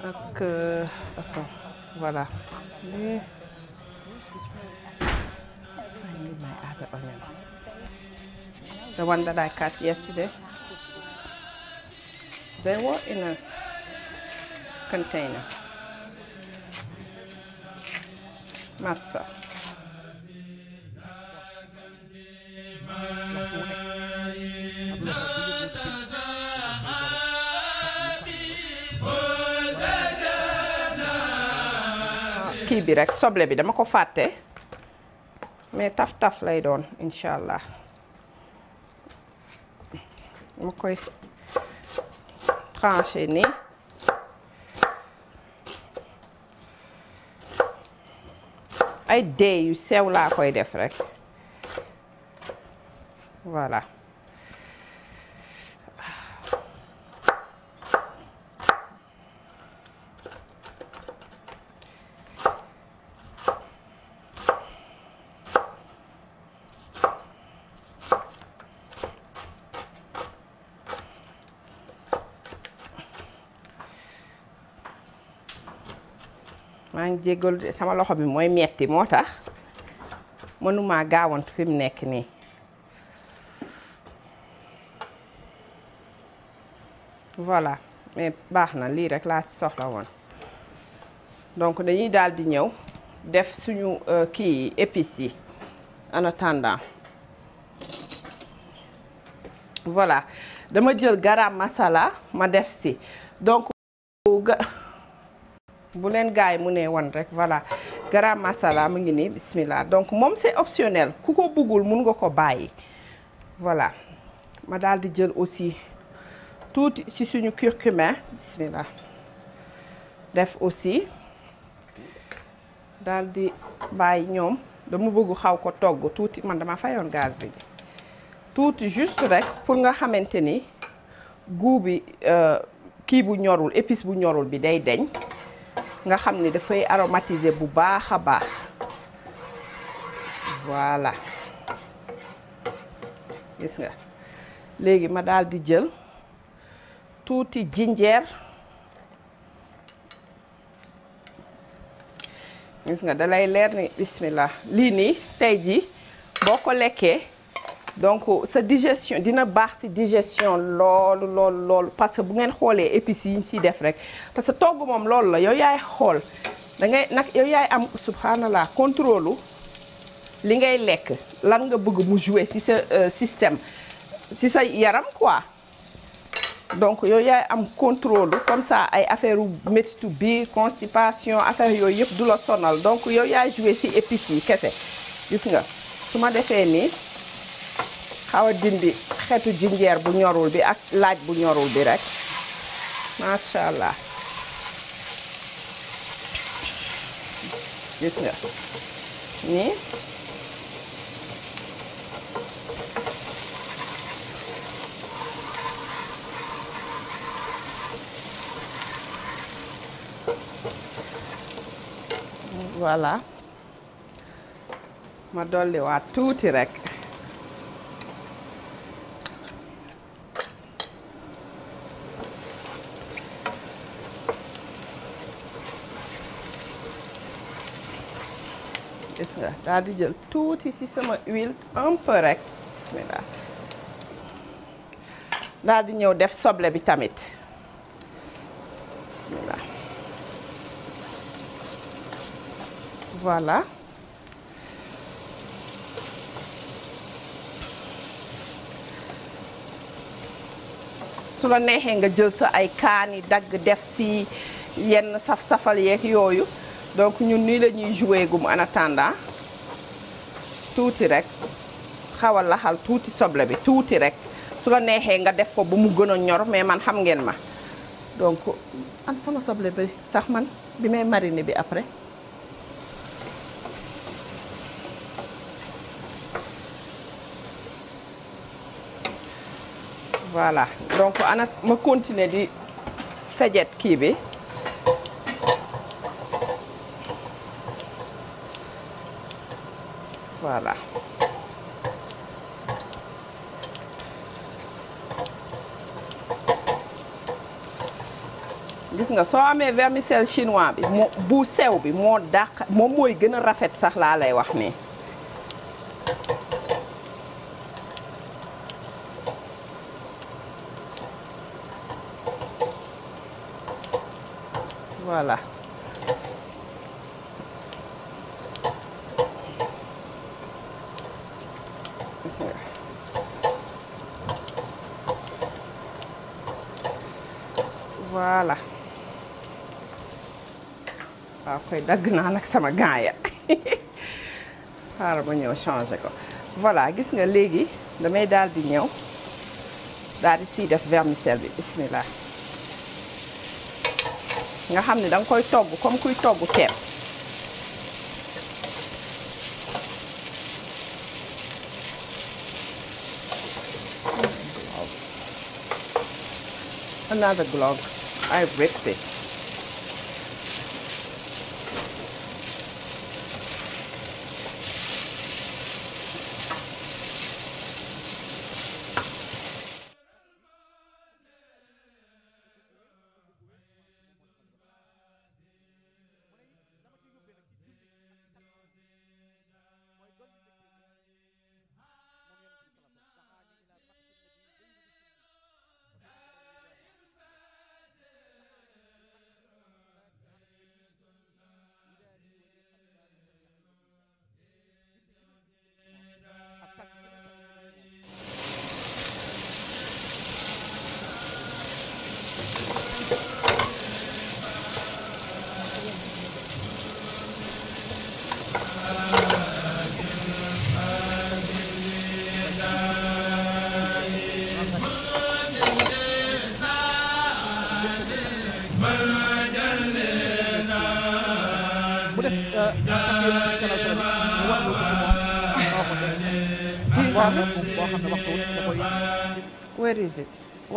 ak euh, attends voilà lii oh, I yesterday they were in a container matzah kii bi rek soble bi dama ko fàtte mais taf-taf lay doon incha allah ma koy tranché nii ay dee yu sew laa koy def rek voilà jéggalu de sama loxo bi mooy metti moo tax mënuma gaawant fi mu nekk nii voilà mais baax na lii rek laa soxla woon donc dañuy daal di ñëw def suñu euh, kii épices yi en voilà dama jël garam masala ma def si donc bu leen gars yi mu ne woon rek voilà garam masala mu ngi nii bismillah donc moom c'est optionnel ku ko bëggul mun nga ko bàyyi voilà ma daal di jël aussi tuuti ci suñu curcumin bismillah def aussi daldi bàyyi ñoom dama bëgg xaw ko togg tuuti man dama fayoon gaz bi tuuti juste rek pour nga xamante ni goût bi euh, kii bu ñorul épice bu ñorul bi day deñ nga xam ni dafay aromatiser bu baax a baax waala gis nga léegi ma daal di jël tuuti jinjeer gis nga dalay leer ni bismillah lii ni tey ji boo ko lekkee donc sa digestion dina baax ci digestion loolu loolu loolu parce que bu ngeen xoolee épices yi ñu ciy def rek parce que togg moom loolu la yow yaay xool da ngay nag yow yaay am subhanallah contrôle li ngay lekk lan nga bëgg mu jouer si sa euh, système si sa yaram quoi donc yow yaay am contrôle comme ça ay affaire u métitu biir constipation affaire yooyu yëpp du la sonal donc yow yaay jouer si épices yi kese gis nga su ma defee nii xaw a dindi xetu jinjeer bu ñorul bi ak laaj bu ñorul bi rekk macha allah gis nga nii voilà ma dolliwaat tuuti rekk daal di jël tuuti ci sama huile un peu rek bismillah ñëw def soble bi tamit bismillah voilà su la neexee nga jël sa ay kaani dagg def ci yenn saf-safal yeeg yooyu donc ñun nii lañuy ñuy jouer gum en attendant tuuti rek xaw a laxal tuuti soble bi tuuti rek su la neexee nga def ko ba mu gën a ñor mais man xam ngeen ma donc an sama soble bi sax man bi may mariner bi après voilà donc ana ma continuer di fejet kii bi voilà gis nga soo amee vermicelle chinois bi moo bu sew bi moo dàq moom mooy gën a rafet sax laa lay wax nii voilà koy dagg naa nag sama gants ya xaaral ma ñëw changé ko voilà gis nga léegi damay daal di ñëw daal di def vermicelle bi bismillah nga xam ni da koy togg comme kuy togg ceeb another glove I ripped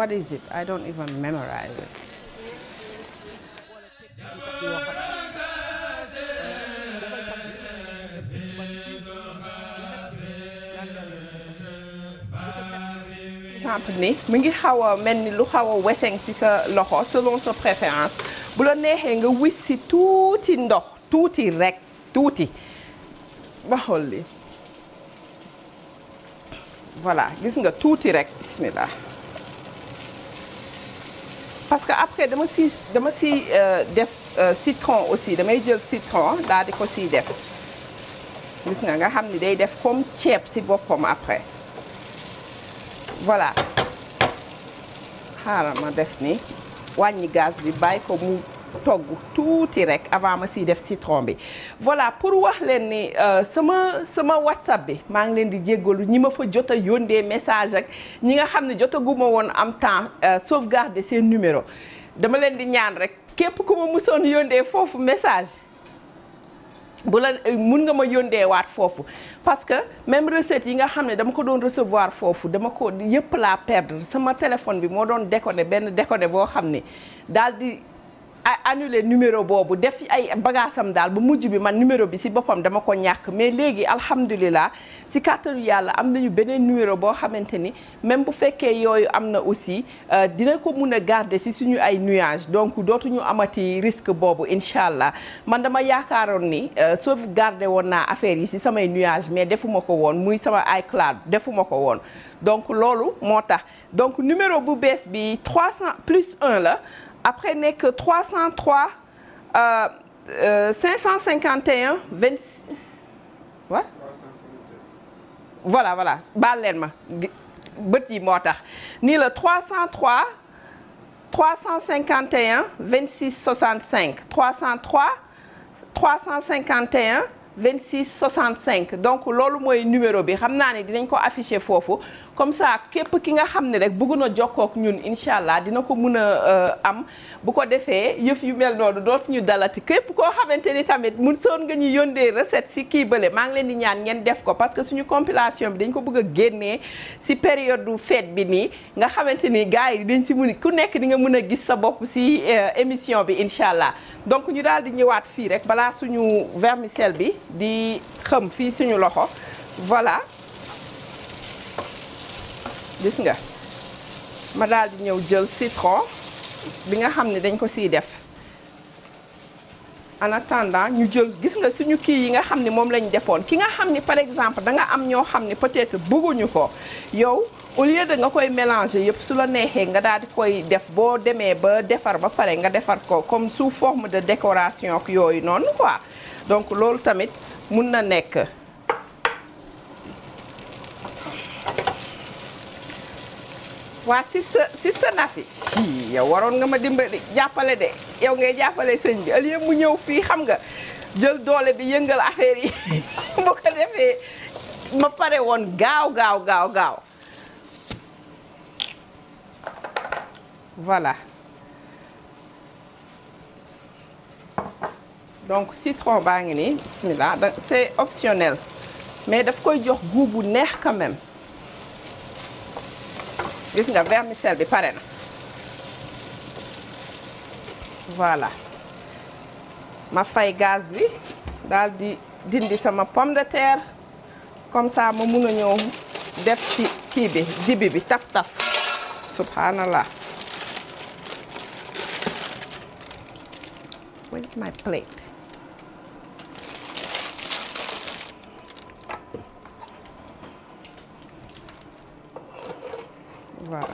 what is it I don't even memorize it. exemple mu ngi xaw a mel ni lu xaw a weseng ci sa loxo selon sa préférence bu la neexee nga wis ci tuuti ndox tuuti rek tuuti ba xool li voilà gis nga tuuti rek bismillah parce que après dama si dama si euh, def euh, citron aussi damay jël citron daal di ko siy def gis nga nga xam ni day def comme ceeb si boppam après voilà xaaral ma def ni wàññi gaz bi bàyyi ko mu togg tuuti rek avant ma siy def citron bi voilà pour wax leen ni euh, sama sama whatsapp bi maa ngi leen di jéggalu ñi ma fa jot yoon yóndee message ak ñi nga xam ne jotaguma woon am temps euh, sauvegarder seen numéro dama leen di ñaan rek képp ku ma musoon yóndee foofu message bu la mun nga ma yóndeewaat foofu parce que même recette yi nga xam ne dama ko doon recevoir foofu dama ko yëpp laa perdre sama téléphone bi moo doon déconné benn déconné boo xam ni daal annulé numéro boobu def ay bagaasam daal ba mujj bi man numéro bi si boppam dama ko ñàkk mais léegi alhamdulilah si kàttanu yàlla am nañu beneen numéro boo xamante ni même bu fekkee yooyu am na aussi euh, dina ko mun a garder si suñu ay nuage donc dootuñu amati risque boobu incha allah man dama yaakaaroon ni euh, sauvegarder woon naa affaire yi si samay nuage mais defuma ko woon muy sama iCloud defuma ko woon donc loolu moo tax donc numéro bu bees bi 300 plus 1 la après nekk 303 euh, euh, 551 26 ouais? waaw. voilà voilà baal leen ma bët yi moo tax nii la 303 351 26 65 303 351 26 65 donc loolu mooy numéro bi xam naa ne dinañ ko afficher foofu. comme saa képp ki nga xam ne rek bëgg na jokkoo ak ñun incha allah dina ko mun a euh, am bu ko defee yëf yu mel noonu dootuñu dalati képp koo xamante ni tamit mun soon nga ñu yóndee recette si kii bële maa ngi leen di ñaan ngeen def ko parce suñu compilation bi dañ ko bëgg génnee si période du feet bi nii nga xamante ni gars yi dañ si mun ku nekk di nga mun a gis sa bopp si euh, émission bi incha allah donc ñu daal di ñëwaat fii rek balaa suñu vermicelle bi di xëm fii suñu loxo gis nga ma daal di ñëw jël citron bi nga xam ne dañ ko siy def en attendant ñu jël gis nga suñu kii yi nga xam ne moom lañ defoon ki nga xam ni par exemple danga am ñoo xam ni peut-être bëgguñu ko yow au lieu nga koy mélanger yëpp su la neexee nga daal di koy def boo demee ba defar ba pare nga defar ko comme sous forme de décoration yooyu noonu quoi donc loolu tamit mun na nekk. waa sista sista Nafi si yow waroon nga ma dimbali jàppale de yow ngay jàppale sëñ bi au lieu mu ñëw fii xam nga jël doole bi yëngal affaire yi bu ko defee ma pare woon gaaw gaaw gaaw gaaw voilà donc citron baa ngi nii bismillah c'est optionnel mais daf koy jox goût neex quand gis nga vermicelle bi pare na voilà ma fay gas bi daal di dindi sama pomme de terre comme ça ma mun a ñëw def ci kii bi dibi bi taf taf subhanallah voilà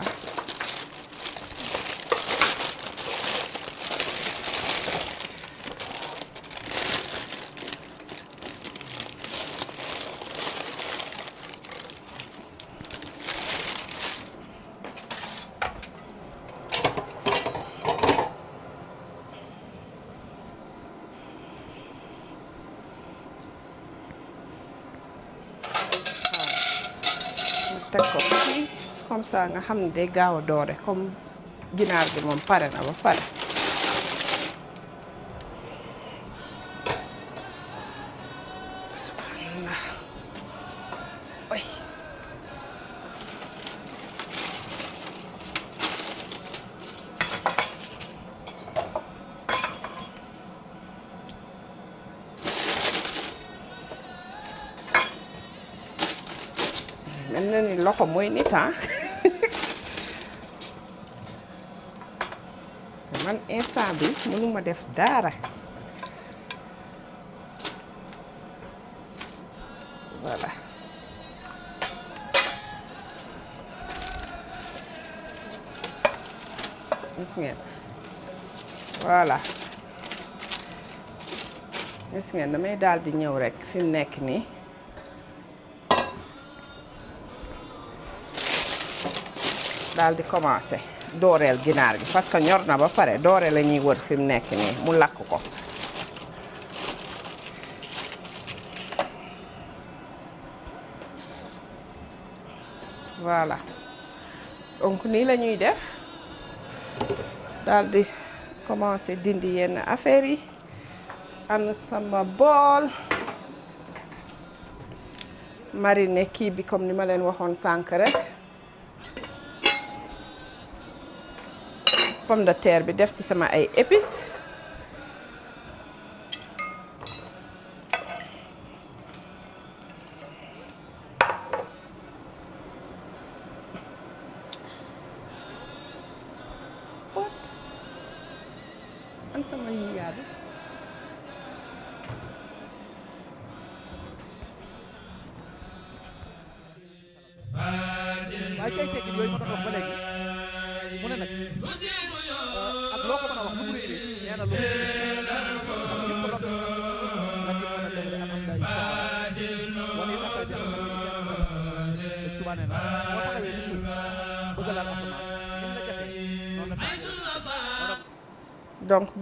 ça nga xam ne day gaaw a doore comme ginaar bi moom pare na ba pare subhanallah oy mel na ni loxo mooy nit ah man instant bi mënuma def dara voilà gis ngeen voilà gis ngeen damay daal di ñëw rekk fi mu nekk nii daal di commencer dooreel ginaar gi parce que ñor na ba pare doore la ñuy wër fi nekk nii mu lakk ko voilà donc nii la ñuy def daldi di commencer dindi yenn affaires yi am sama bool mariner kii bi comme ni ma leen waxoon sànq rek pomme de terre bi def ci sama ay épices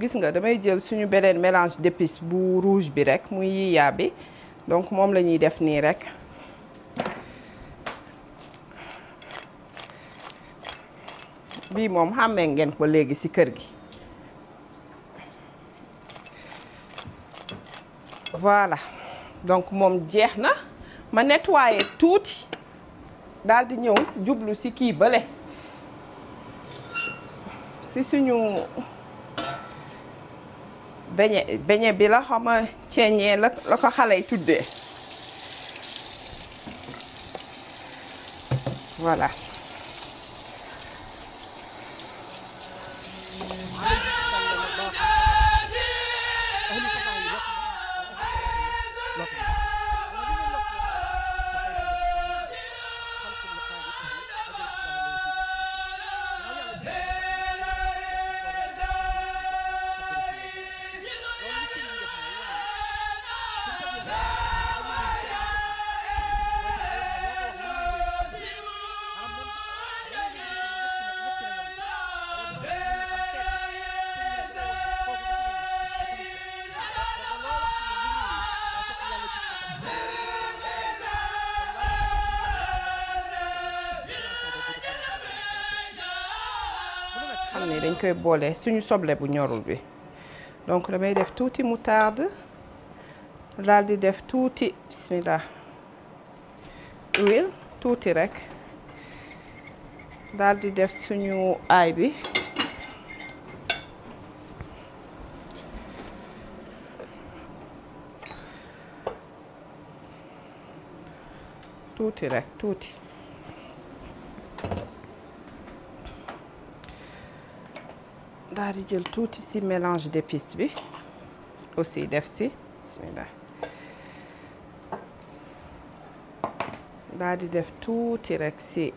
gis nga damay jël suñu beneen mélange d'épices bu rouge bi rek muy yiyaa bi donc moom lañuy def nii rek bii moom xàmmee ngeen ko léegi ci kër gi voilà donc moom jeex na ma nettoyé tuuti daal ñëw jublu ci kii bële ci suñu beñe beñe bi la xaw ma la ko xale yi tuddee voilà koy boole suñu soble bu ñorul bi donc damay def tuuti moutarde daal di def tuuti bismillah huile tuuti rek daldi def suñu aay bi tuuti rek tuuti daal di jël tuuti ci mélange d'épices bi aussi def ci bismillah daal di def tuuti rek ci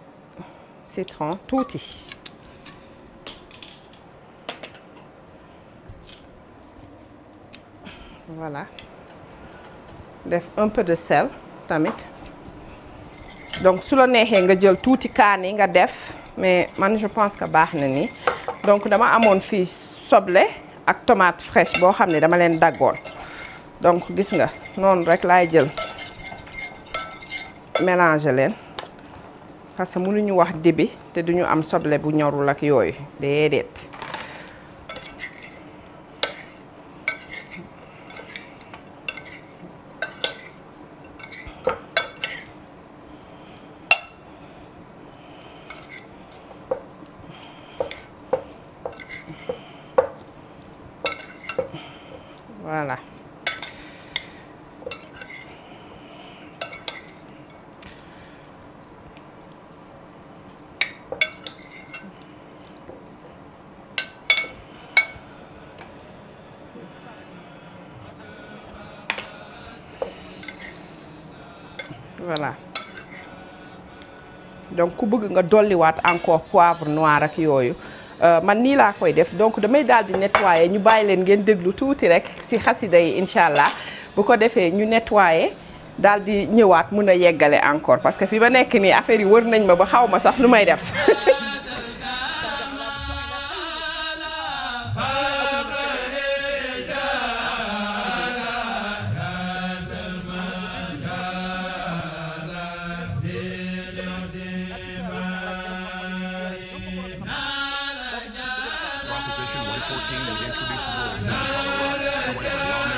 citron tuuti voilà def un peu de sel tamit donc su la neexee nga jël tuuti kaani nga def mais man je pense que baax na nii donc dama amoon fii soble ak tomate fraîche boo xam ne dama leen daggoon donc gis nga noonu rek laay jël mélanger leen parce que mënuñu wax dibi te du ñu am soble bu ñorul ak yooyu déedéet ku bëgg nga dolliwaat encore poivre noir ak yooyu euh, man nii laa koy def donc damay daal di nettoyer ñu bàyyi leen ngeen déglu tuuti rek si xasida yi incha allah bu ko defee ñu nettoyer daal di ñëwaat mun a yeggale encore parce que fi ma nekk nii affaire yi wër nañ ma ba xaw ma sax lu may def 14 to introduce rules.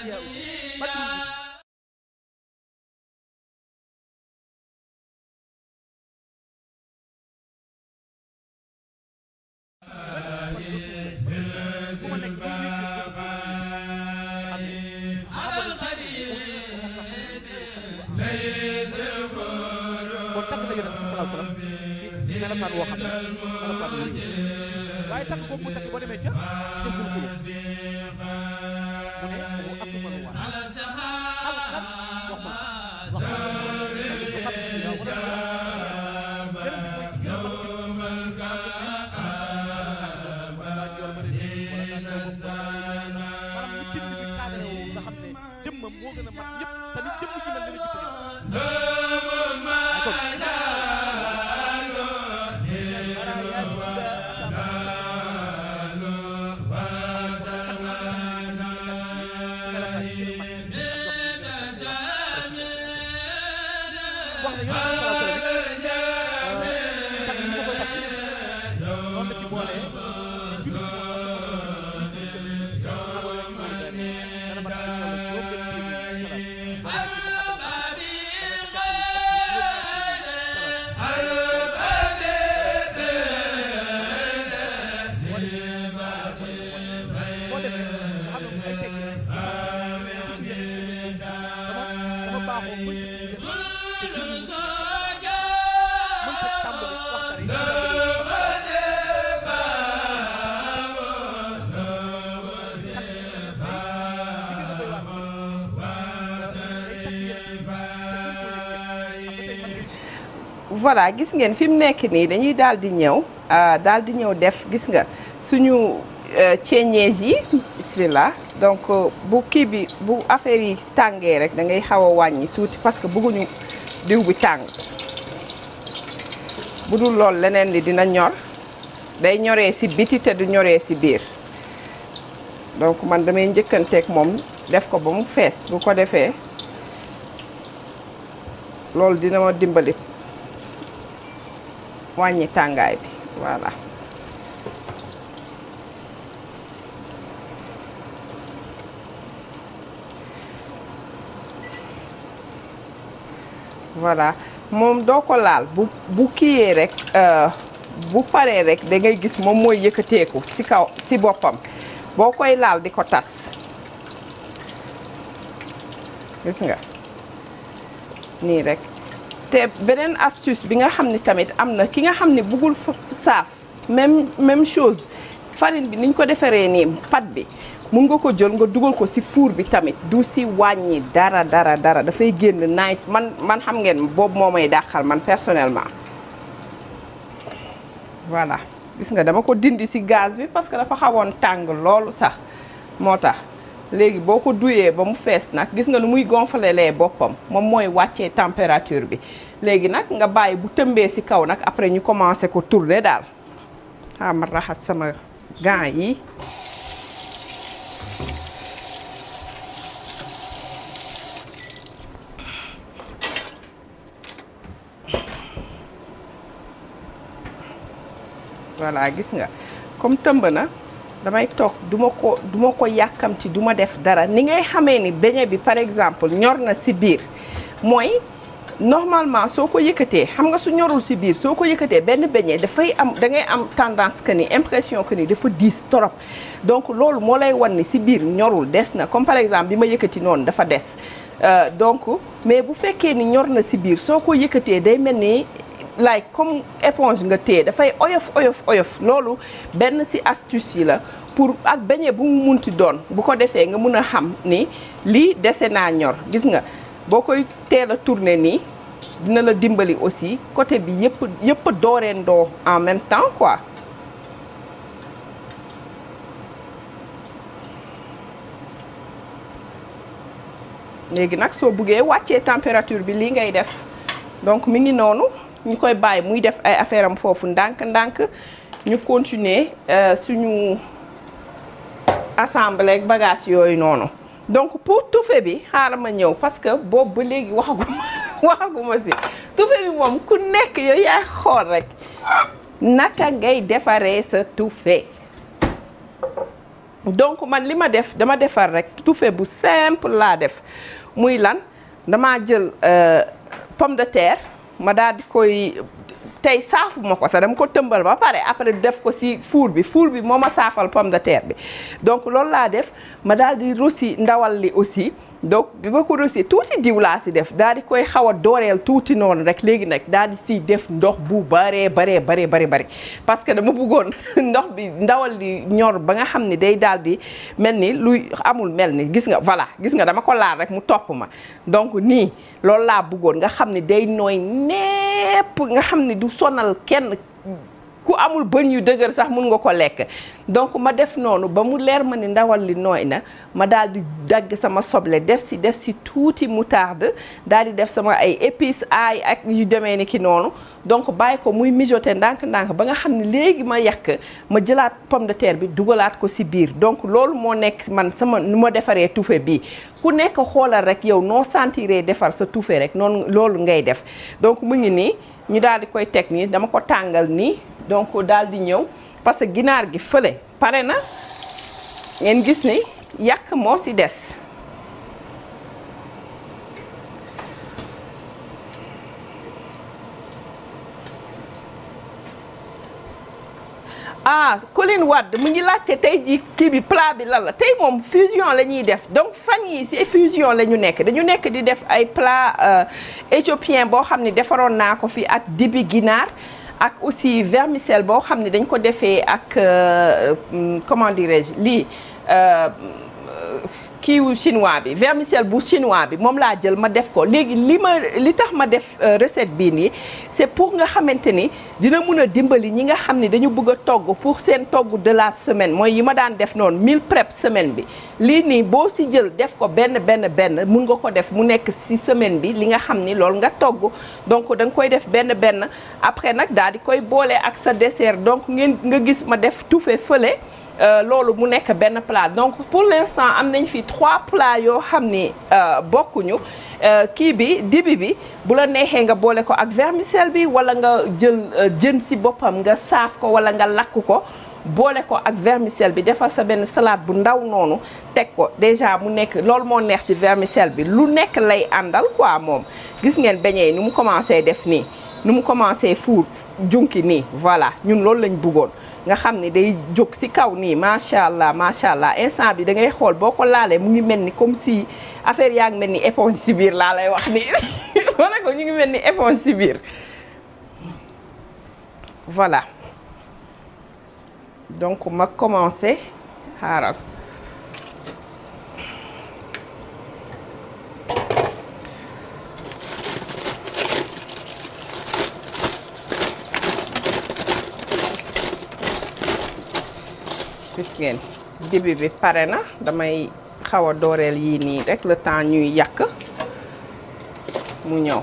أولياء waaye takk boobu mu takk boo demee ca voilà gis ngeen fi mu nekk nii dañuy daal di ñëw euh, daal di ñëw def gis nga suñu euh, ceeñees yi bismillah donc euh, bu kii bi bu affaire yi tàngee rek da ngay xaw a wàññi tuuti parce que bëgguñu diw bi tàng bu dul lool leneen li dina ñor day ñoree ci biti te du ñoree si biir donc man damay njëkkanteeg moom def ko ba mu fees bu ko defee loolu dina ma dimbali wàññi tàngaay bi voilà voilà moom doo ko laal bu bu kiyee rek euh, bu paree rek da ngay gis moom mooy yëkkateeku ci kaw ci boppam boo koy laal di ko tas gis nga nii rek te beneen astuce bi nga xam ni tamit am na ki nga xam ni buggul saaf même même chose farine bi niñ ko defaree nii pat bi mun nga ko jël nga dugal ko si fuur bi tamit du si wàññi dara dara dara dafay génn nice man man xam ngeen boobu moo may dàqal man personnellement voilà gis nga dama ko dindi si gaz bi parce que dafa xawoon tàng loolu sax moo tax léegi boo ko duyee ba mu fees nag gis nga nu muy gonfalelee boppam moom mooy wàccee température bi léegi nag nga bàyyi bu tëmbee ci kaw nag après ñu commencé ko tourner daal xaaral ah, raxas sama gants yi voilà gis nga comme tëmb na damay toog du ma ko du ma ko yàkkamti du ma def dara ni ngay xamee ni beñe bi par exemple ñor na si biir mooy normalement soo ko yëkkatee xam nga su ñorul si biir soo ko yëkkatee benn beñe dafay am da ngay am tendance que ni impression que ni dafa diis torop donc loolu moo lay wan ni si biir ñorul des na comme par exemple bi ma yëkkati noonu dafa des euh, donc mais bu fekkee ni ñor na si biir soo ko yëkkatee day mel ni like comme éponge nga téye dafay oyof oyof oyof loolu benn ci astuce yi la pour ak beñe bu mu munti doon bu ko defee nga mun a xam ni lii dese naa ñor gis nga boo koy teel a tourner nii dina la dimbali aussi côté bi yëpp yëpp dooreendoo en même temps quoi léegi nag soo buggee wàccee température bi lii ngay def donc mi ngi noonu ñu koy bàyyi muy def ay affaire am foofu ndànk-ndànk ñu continuer euh, suñu assemblée ak bagage yooyu noonu donc pour tufe bi xaaral ma ñëw parce que boobu ba léegi waxaguma waxaguma si tufe bi moom ku nekk yow yaay xool rek naka ngay defaree sa tufe donc man li ma def dama defar rek tufe bu simple laa def muy lan dama jël euh, pomme de terre ma daal koy tey saafu ma ko sa dem ko tëmbal ba pare après def ko si fuur bi fuur bi moo ma saafal pomme de terre bi donc loolu laa def ma daal di rosi ndawal li aussi donc bi ma ko rosi tuuti diw laa si def daal di koy xaw a dooreel tuuti noonu rek léegi nag daal di si def ndox bu baree baree baree bari bari parce que dama bëggoon ndox bi ndawal di ñor ba nga xam ne day daal di mel ni luy amul mel ni gis nga voilà gis nga dama ko laal rek mu topp ma donc nii loolu laa bëggoon nga xam ne day nooy nepp nga xam ne du sonal kenn ku amul bëñ yu dëgër sax mun nga ko lekk donc ma def noonu ba mu leer ma ne ndawal li nooy na ma daal di dagg sama soble def si def si tuuti moutarde daal di def sama ay épices ay ak yu demee ni ki noonu donc bàyyi ko muy mijoter ndànk-ndànk ba nga xam ne léegi ma yàq ma jëlaat pomme de terre bi dugalaat ko si biir donc loolu moo nekk man sama nu ma defaree touffé bii ku nekk xoolal rek yow noo sentiree defar sa touffé rek noonu loolu ngay def donc mu ngi nii ñu daal di koy teg nii dama ko tàngal nii donc daal di ñëw parce que ginaar gi fële pare na ngeen gis ni yàq moo ci des ah Colin Wade mu ngi laajte tey jii kii bi plat bi lan la tey moom fusion la ñuy def donc fan yi si fusion la ñu nekk dañu nekk di def ay plat euh, éthiopien boo xam ne defaroon naa ko fi ak dibi ginaar ak aussi vermicelle boo xam ne dañ ko defee ak euh, euh, comment dirais-je lii. Euh, kiiwu wu chinois bi vermicelle bu chinois bi moom laa jël ma def ko léegi li ma li tax ma def euh, recette bii nii c'est pour nga xamante ni dina mun a dimbali ñi nga xam ni dañu bëgg a togg pour seen togg de la semaine mooy yi ma daan def noonu mille prep semaine bi lii nii boo si jël def ko benn benn benn mun nga ko def mu nekk si semaine bi li nga xam ni loolu nga togg donc da nga koy def benn benn après nag daal di koy boole ak sa dessert donc ngeen nga gis ma def tufe fële Euh, loolu mu nekk benn plat donc pour l'instant am nañ fi trois plats yoo xam ni euh, bokkuñu euh, kii bi dibi bi bu la neexee nga boole ko ak vermicelle bi wala nga jël jën si boppam nga saaf ko wala nga lakk ko boole ko ak vermicelle bi defal sa benn salaat bu ndaw noonu teg ko déjà mu nekk loolu moo neex ci vermicelle bi lu nekk lay àndal quoi moom gis ngeen beñe yi ni mu commencé def nii nu mu commencé fuur junki nii voilà ñun loolu lañ buggoon nga xam ne day jóg si kaw nii macha allah macha allah instant bi da ngay xool boo ko laalee mu ngi mel ni comme si affaire yaa ngi mel ni éponge si biir laa lay wax nii wala ko ñu ngi mel ni éponge si biir voilà donc mag commencé xaaral. gis ngeen dibi bi pare na damay xaw a dooreel yii nii rekk le temps ñuy yàkk mu ñëw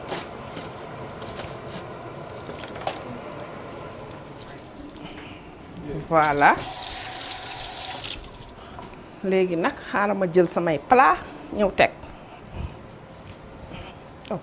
voilà léegi nag xaaral ma jël samay plat ñëw teg oh,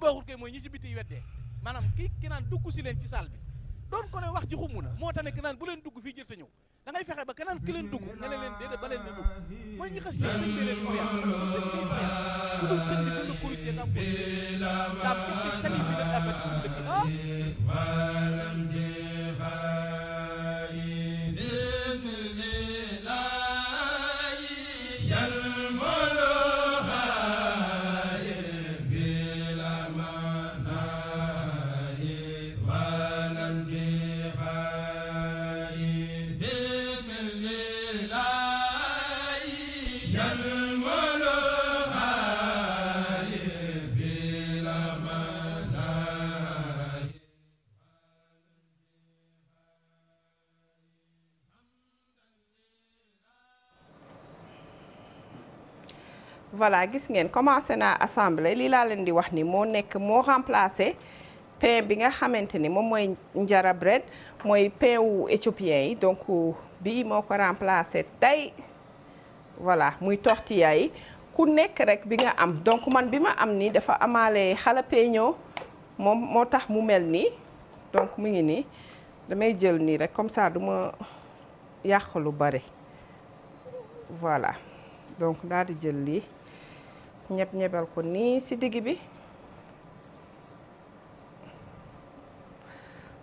baaxul kay mooy ñi ci biti weddee maanaam ki ki naan dugg si leen ci salle bi doon ko ne wax ji xumu na moo tax ne ki naan bu leen dugg fii jërte ñëw da fexe ba ki ki leen dugg nga ne leen déedéet ba leen ne dugg mooy ñi xas yéen sëñ bi leen oya sëñ bi oya ku dul sëñ bi dund kuris ya am ko daam indi sali bi da abati dëkk ah voilà gis ngeen commencé naa assemblée lii laa leen di wax ni moo nekk moo remplacé pain bi nga xamante ni moom mooy njara bread mooy pain wu éthiopien yi donc bii moo ko remplacé tey voilà muy tortilla yi ku nekk rek bi nga am donc man bi ma am nii dafa amaale jalapeño moom moo tax mu mel nii donc mu ngi nii damay jël nii rek comme ça duma yàq lu bari voilà donc daal di jël lii ñeb ñebal ko nii ci digg bi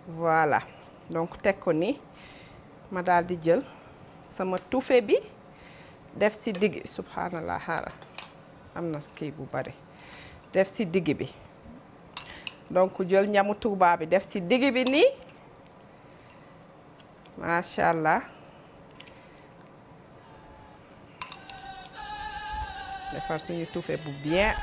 voilà donc teg ko nii ma daldi jël sama tufe bi def ci digg subhanallah xaara am na kii bu bari def ci digg bi donc jël ñamu tuubaa bi def ci digg bi nii macha defar suñu tufe bu bien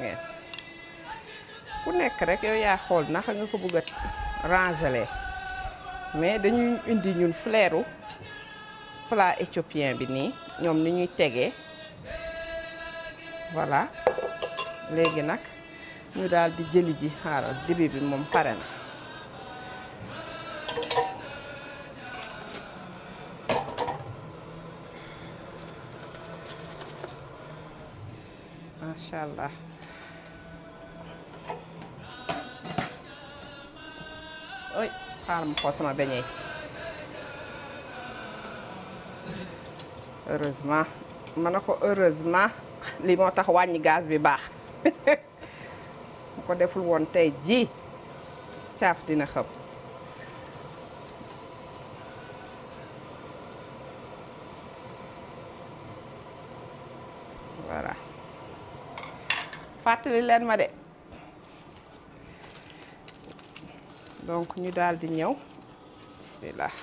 eh. ku nekk rek yow yaa xool naka nga ko bëgg a rangele mais dañuy indi ñun fleeru plat éthiopien e bi nii ñoom ni ñuy tegee voilà léegi nag ñu daal di jëli ji xaaral dibi bi moom na macha allah oy xaaral ma xool sama beñey heureusement ma ko heureusement li moo tax wàññi gaz bi baax ko deful woon tey jii caaf dina xëpp voilà fàttali leen ma de donc ñu daldi ñëw bismillah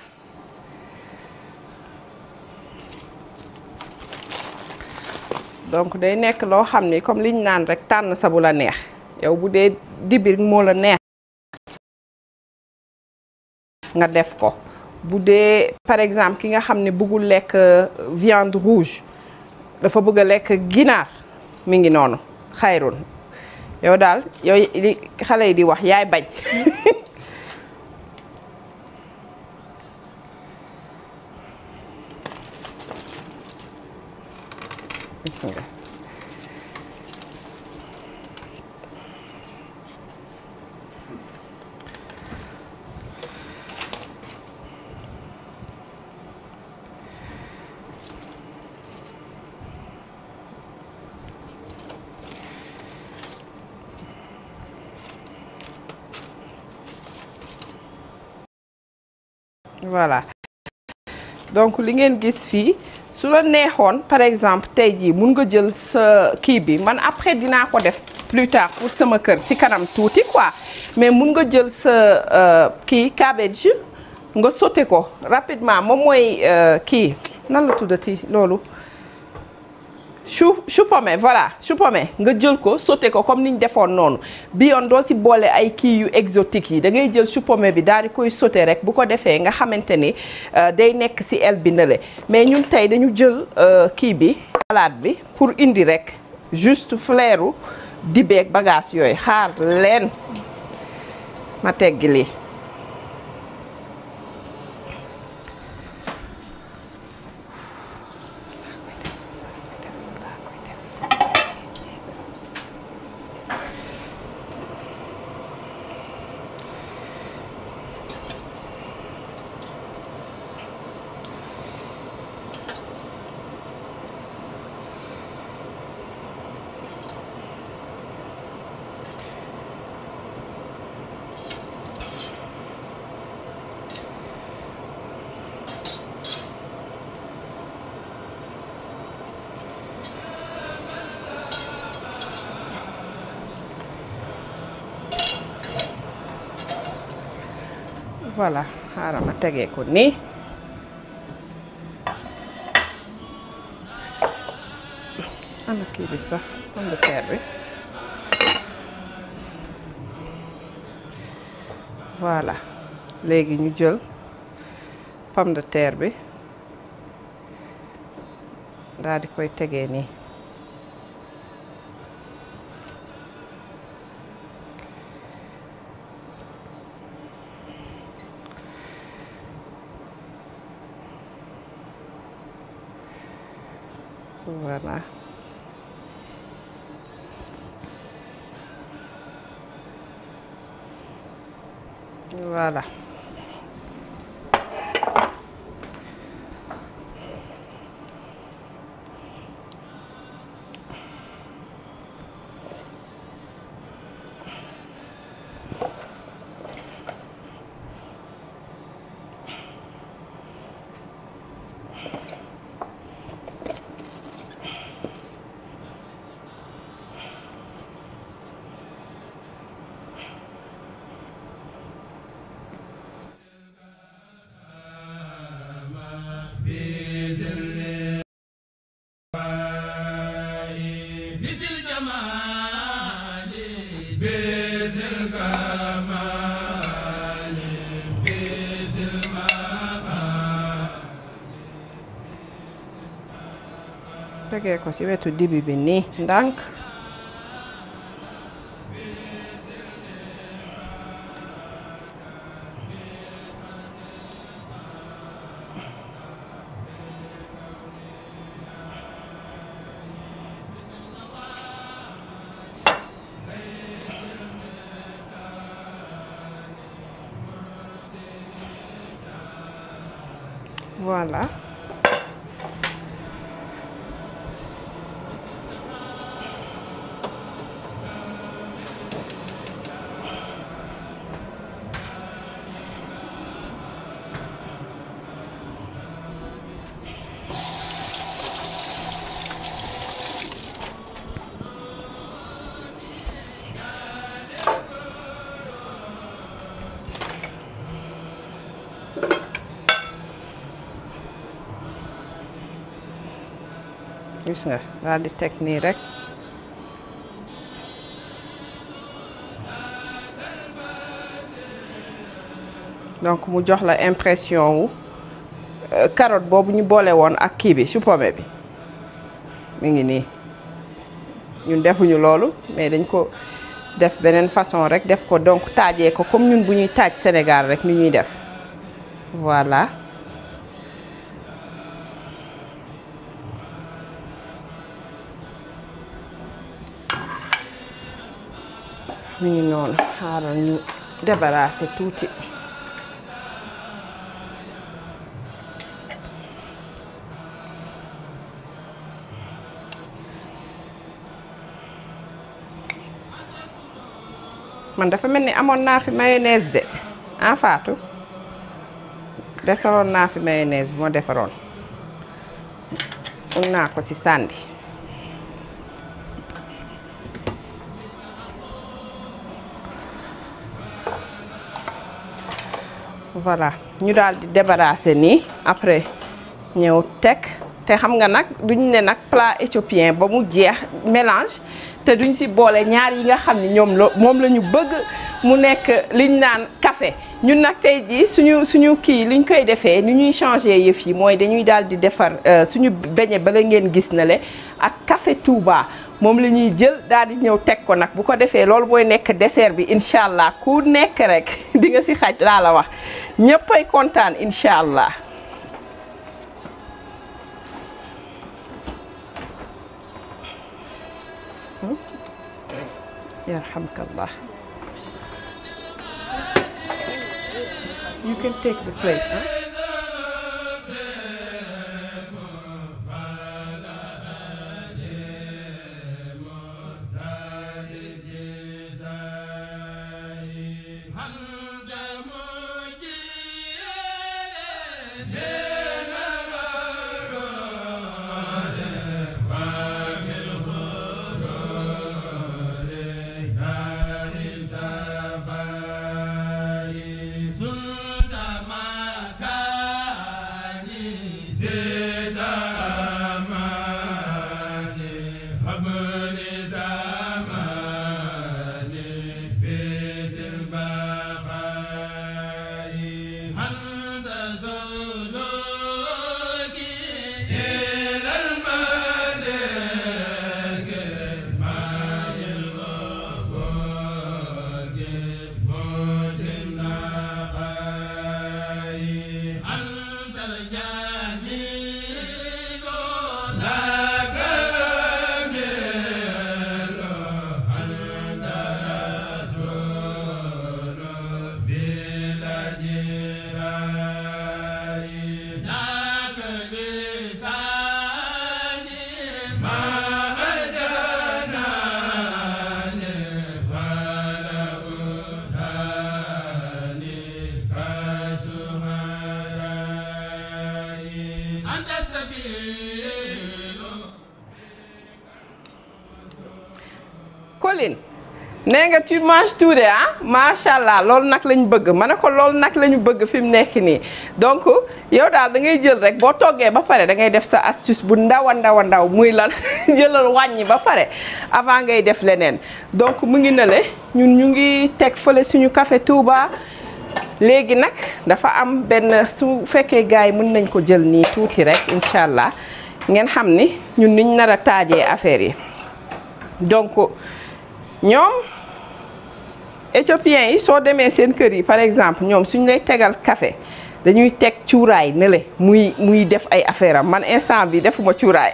donc day nekk loo xam ni comme liñ naan rekk tànn sa a neex yow bu dee dibir moo la neex nga def ko bu dee par exemple ki nga xam ne bëggul lekk euh, viande rouge dafa bëgg a lekk ginaar mi ngi noonu xayrun yow daal yow xale yi di wax yaay bañ gis voilà donc li ngeen gis fii su la neexoon par exemple tey jii mun nga jël sa kii bi man après dinaa ko def plus tard pour sama kër si kanam tuuti quoi mais mun nga jël sa euh, kii cabbage nga sote ko rapidement moom mooy euh, kii nan la tuddati loolu. chou chou voilà chou pommé nga jël ko sauté ko comme ni ñu defoon noonu bi yoon doo si boole ay kii yu exotique yi da ngay jël chou bi daal di koy sauté rek bu ko defee nga xamante ni euh, day nekk si el bi mais ñun tey dañu jël euh, kii bi salade bi pour indi rek juste flairu dibeeg bagage yooyu xaar leen ma teggili tege ko ni ana kii bi sax pomme de terre bi voilà léegi ñu jël pomme de terre bi daal di koy tege ni verdad. Voilà. tegee ko ci wetu dibi bi nii ndànk gis nga daal di teg nii rek donc mu jox la impression wu euh, carotte boobu ñu boole woon ak kii bi su bi mu ngi nii ñun defuñu loolu mais dañ ko def beneen façon rek def ko donc taajee ko comme ñun bu ñuy taaj Sénégal rek ñu ñuy def voilà mi ngi noonu xaaral man dafa mel ni amoon naa fi mayonnaise de en ah, faatu desaroon naa fi mayonnaise bu defaroon un naa ko ci sàndi voilà ñu daal di débarrasser nii après ñëw tek te xam nga nag duñ ne nag plat éthiopien ba mu jeex mélange te duñ si boole ñaar yi nga xam ni ñoom la moom la ñu bëgg mu nekk liñ naan kafe ñun nag tey jii suñu suñu kii liñ koy defee ni ñuy changé yëf yi mooy dañuy daal di defar euh, suñu beñe bala ngeen gis na le ak kafe Touba moom la ñuy jël daal di ñëw teg ko nag bu ko defee loolu mooy nekk dessert bi incha allah ku nekk rek di nga si xaj laa la wax ñëppay kontaan incha allah. Hmm? yarhamkallah you can take the plate. Huh? nee tu manges tout ah macha allah loolu nag lañ bëgg ma ne ko loolu nag la ñu bëgg fi mu nekk nii donc yow daal da ngay jël rek boo toggee ba pare da ngay def sa astuce bu ndaw a ndaw a ndaw muy lan jëlal wàññi ba pare avant ngay def leneen donc mu ngi ne ñun ñu ngi teg fële suñu café Touba. léegi nag dafa am benn su fekkee gars yi mën nañ ko jël nii tuuti rek incha allah ngeen xam ni ñun niñ nar a taajee affaire yi donc ñoom éthiopiens yi soo demee seen kër yi par exemple ñoom suñ lay tegal kafe dañuy teg cuuraay ne le muy muy def ay affaire am man instant bi defuma cuuraay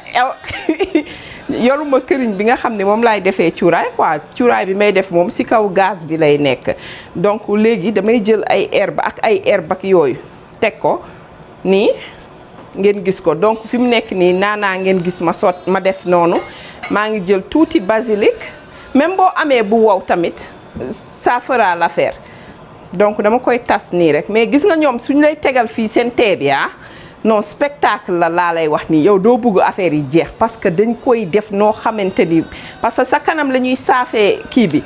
yoruma këriñ bi nga xam ne moom laay defee cuuraay quoi cuuraay bi may def moom ci kaw gaz bi lay nekk donc léegi damay jël ay herbe ak ay herbe ak yooyu teg ko nii ngeen gis ko donc fi mu nekk nii naanaa ngeen gis ma sot ma def noonu maa ngi jël tuuti basilic même boo amee bu wow tamit ça fera donc dama koy tas nii rek mais gis nga ñoom suñ lay tegal fii seen tee bi ah spectacle la laa lay wax nii yow doo bëgg affaire yi jeex parce que dañ koy def noo xamante ni parce que sa kanam la ñuy saafee kii bi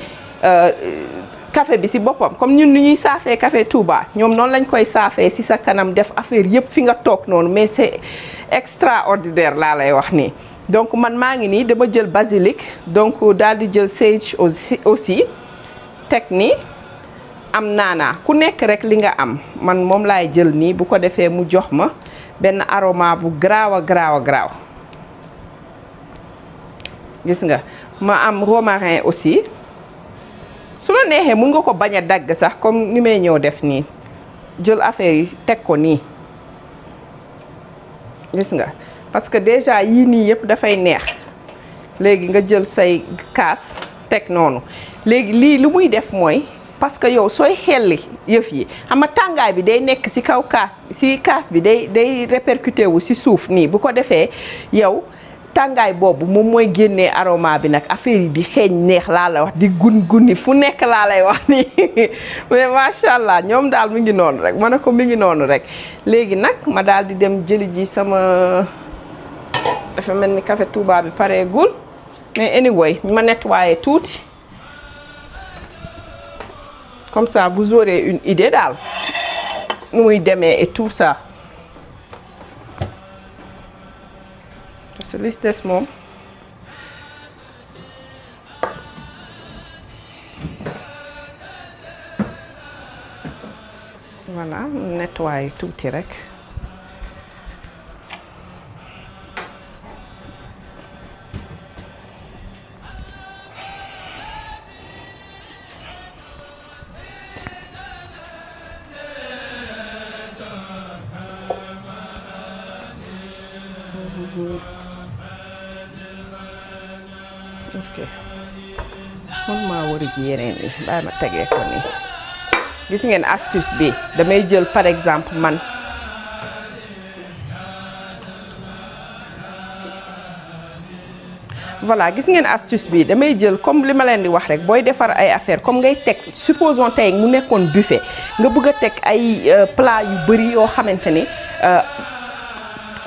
kafe euh, bi si boppam comme ñun ni ñuy saafee kafe Touba ñoom noonu lañ koy saafee si sa kanam def affaire yëpp fi nga toog noonu mais c'est extraordinaire laa lay wax nii donc man maa ngi nii dama jël basilik donc daal di jël sage aussi aussi teg ni am naanaa ku nekk rek li nga am man moom laay jël nii bu ko defee mu jox ma benn aroma bu graaw a graaw a graaw gis nga ma am romarin aussi su la neexee mun nga ko bañ a dagg sax comme ni may ñëw def nii jël affaire yi teg ko nii gis nga parce que déjà yi nii yëpp dafay neex léegi nga jël say kaas teg noonu léegi lii lu muy def mooy parce que yow sooy xelli yëf yi ama tàngaay bi day nekk ci kaw kaas ci kaas bi day day répercuté wu ci suuf nii bu ko defee yow tàngaay boobu moom mooy génnee aroma bi nag affaire yi di xeeñ neex laa lay wax di gun guni fu nekk laa lay wax nii mais macha allah ñoom daal mi ngi noonu rek ma ne ko mi ngi noonu rek léegi nag ma daal di dem jëli ji sama. dafa mel ni kafe Touba bi pareegul mais anyway ma nettoyé tuuti comme ça vous aurez une idée daal nu muy deme et tout ça moom voilà tuuti rekk bu góor ok man maa war a ji yeneen yi bàyyi ma tegee ko nii gis ngeen astuce bi damay jël par exemple man voilà gis ngeen astuce bi damay jël comme li ma leen di wax rek booy defar ay affaire comme ngay teg supposons tey mu nekkoon buffet nga bëgg a teg ay euh, plat yu bari yoo xamante ni euh,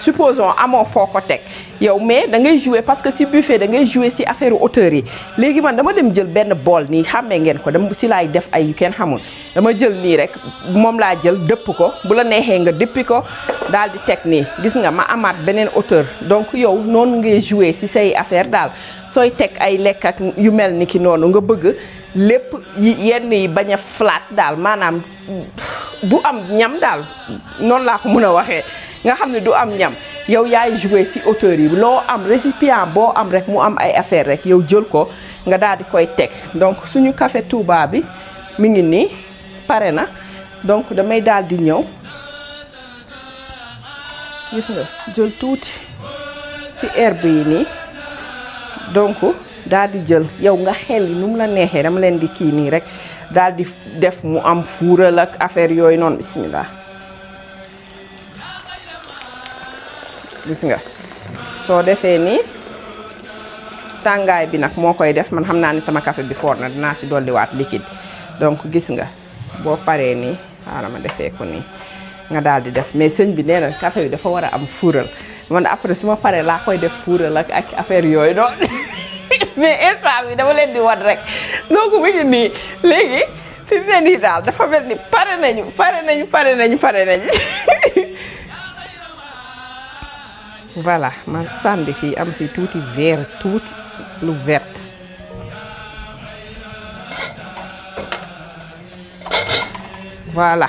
supposons amoo foo ko teg yow mais da ngay jouer parce que si buffet da ngay jouer si affaire auteur yi léegi man dama dem jël benn bool nii xàmmee ngeen ko dama si laay def ay yu kenn xamul dama jël nii rek moom laa jël dëpp ko bu la neexee nga dëppi ko daal di teg nii gis nga ma amaat beneen auteur donc yow noonu ngay jouer si say affaire daal sooy teg ay lekk ak yu mel ni ki noonu nga bëgg lépp yenn yi bañ a flat daal maanaam bu am ñam daal noonu laa ko mën a waxee nga xam ne du am ñam yow yaay joué ci auteur yi loo am récipient boo am rek mu am ay affaire rek yow jël ko nga daal di koy teg donc suñu café Touba bi mi ngi nii pare na donc damay daal di ñëw jël tuuti si herbe nii donc daal di jël yow nga xel yi nu mu la neexee dama leen di kii nii rek daal di def mu am fuural ak affaire yooyu noonu bismillah gis nga soo defee nii tàngaay bi nag moo koy def man xam naa ni sama café bi foor na dinaa si dolliwaat liquide donc gis nga boo paree nii xaaral ma defee ko nii nga daal di def mais sëñ bi nee na café bi dafa war a am fuural man après su ma paree laa koy def fuural ak ak affaire yooyu noonu mais instant bi dama leen di wan rek donc mu ngi nii léegi fi mu ne daal dafa mel ni pare nañu pare nañu pare nañu. voilà ma sànni am fi tuuti vert tuuti lu vert voilà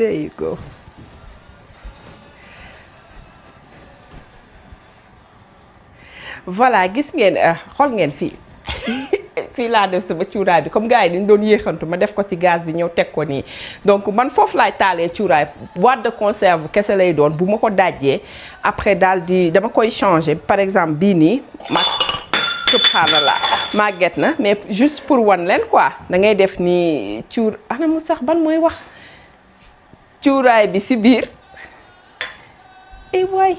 There you voilà gis ngeen euh, xool ngeen fii fii laa def sama cuuraay bi comme gars yi dañ doon yéexantu ma def ko ci gaz bi ñëw teg ko nii donc man foofu laay taalee cuuraay boîte de conserve kese lay doon bu ma ko dajjee après daal di dama koy changer par exemple bii nii ma subhanallah màgget na mais juste pour wan leen quoi dangay def nii cuur ana mu sax ban mooy wax cuuraay bi si biir et eh, waay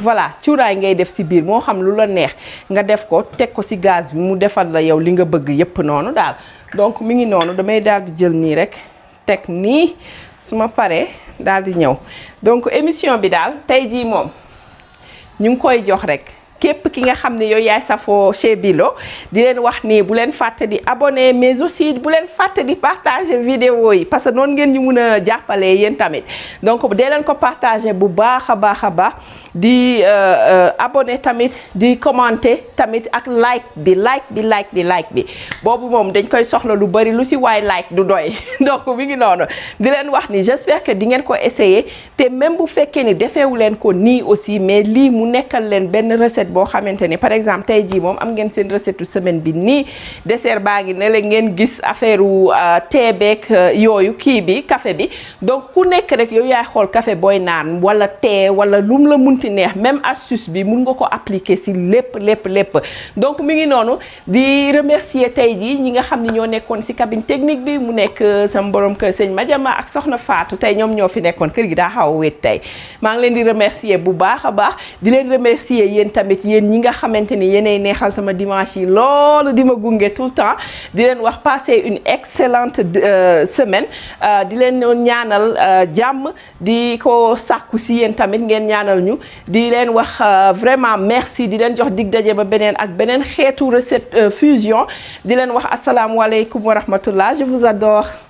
voilà cuuraay ngay def si biir moo xam lu la neex nga def ko teg ko si gaz bi mu defal la yow li nga bëgg yépp noonu daal donc mi ngi noonu damay daal di jël nii rek teg nii su ma paree daal di ñëw donc émission bi daal tey jii moom ñu ngi koy jox rek képp ki nga xam ne yow yaay safoo chez Bilo di leen wax nii bu leen fàtte di abonné mais aussi bu leen fàtte di partager vidéo yi parce que noon ngeen ñu mun a jàppale yéen tamit donc de leen ko partager bu baax a baax a baax di uh, uh, abonné tamit di commenter tamit ak like bi like bi like bi like bi boobu moom dañ koy soxla lu bari lu ci waay like du doy donc mi ngi noonu di leen wax ni j'espère que di ngeen ko essayer te même bu fekkee ni defeewu leen ko nii aussi mais lii mu nekkal leen benn recette boo xamante ni par exemple tey jii moom am ngeen seen recette semaine bi nii dessert baa ngi ne la ngeen gis affaire u uh, thé yooyu kii bi kafe bi donc ku nekk rek yow yaay xool café booy naan ci neex même astuce bi mun nga ko appliquer ci lépp lépp lépp donc mu ngi noonu di remercier tey jii ñi nga xam ne ñoo nekkoon ci cabine technique bi mu nekk euh, sama borom kër sëñ Madiama ak soxna Fatou tey ñoom ñoo fi nekkoon kër gi daa xaw a tey maa ngi leen di remercier bu baax a baax di leen remercier yéen tamit ngeen ñi nga xamante ni yéenay neexal sama dimanche yi loolu di ma gunge le temps di leen wax passer une excellente euh, semaine euh, di leen ñaanal jàmm di ko sàkku ci yéen tamit ngeen ñaanal ñu di leen wax euh, vraiment merci di leen jox dig daje ba beneen ak beneen xeetu recette euh, fusion di leen wax asalaamualeykum wa rahmatullah je vous adore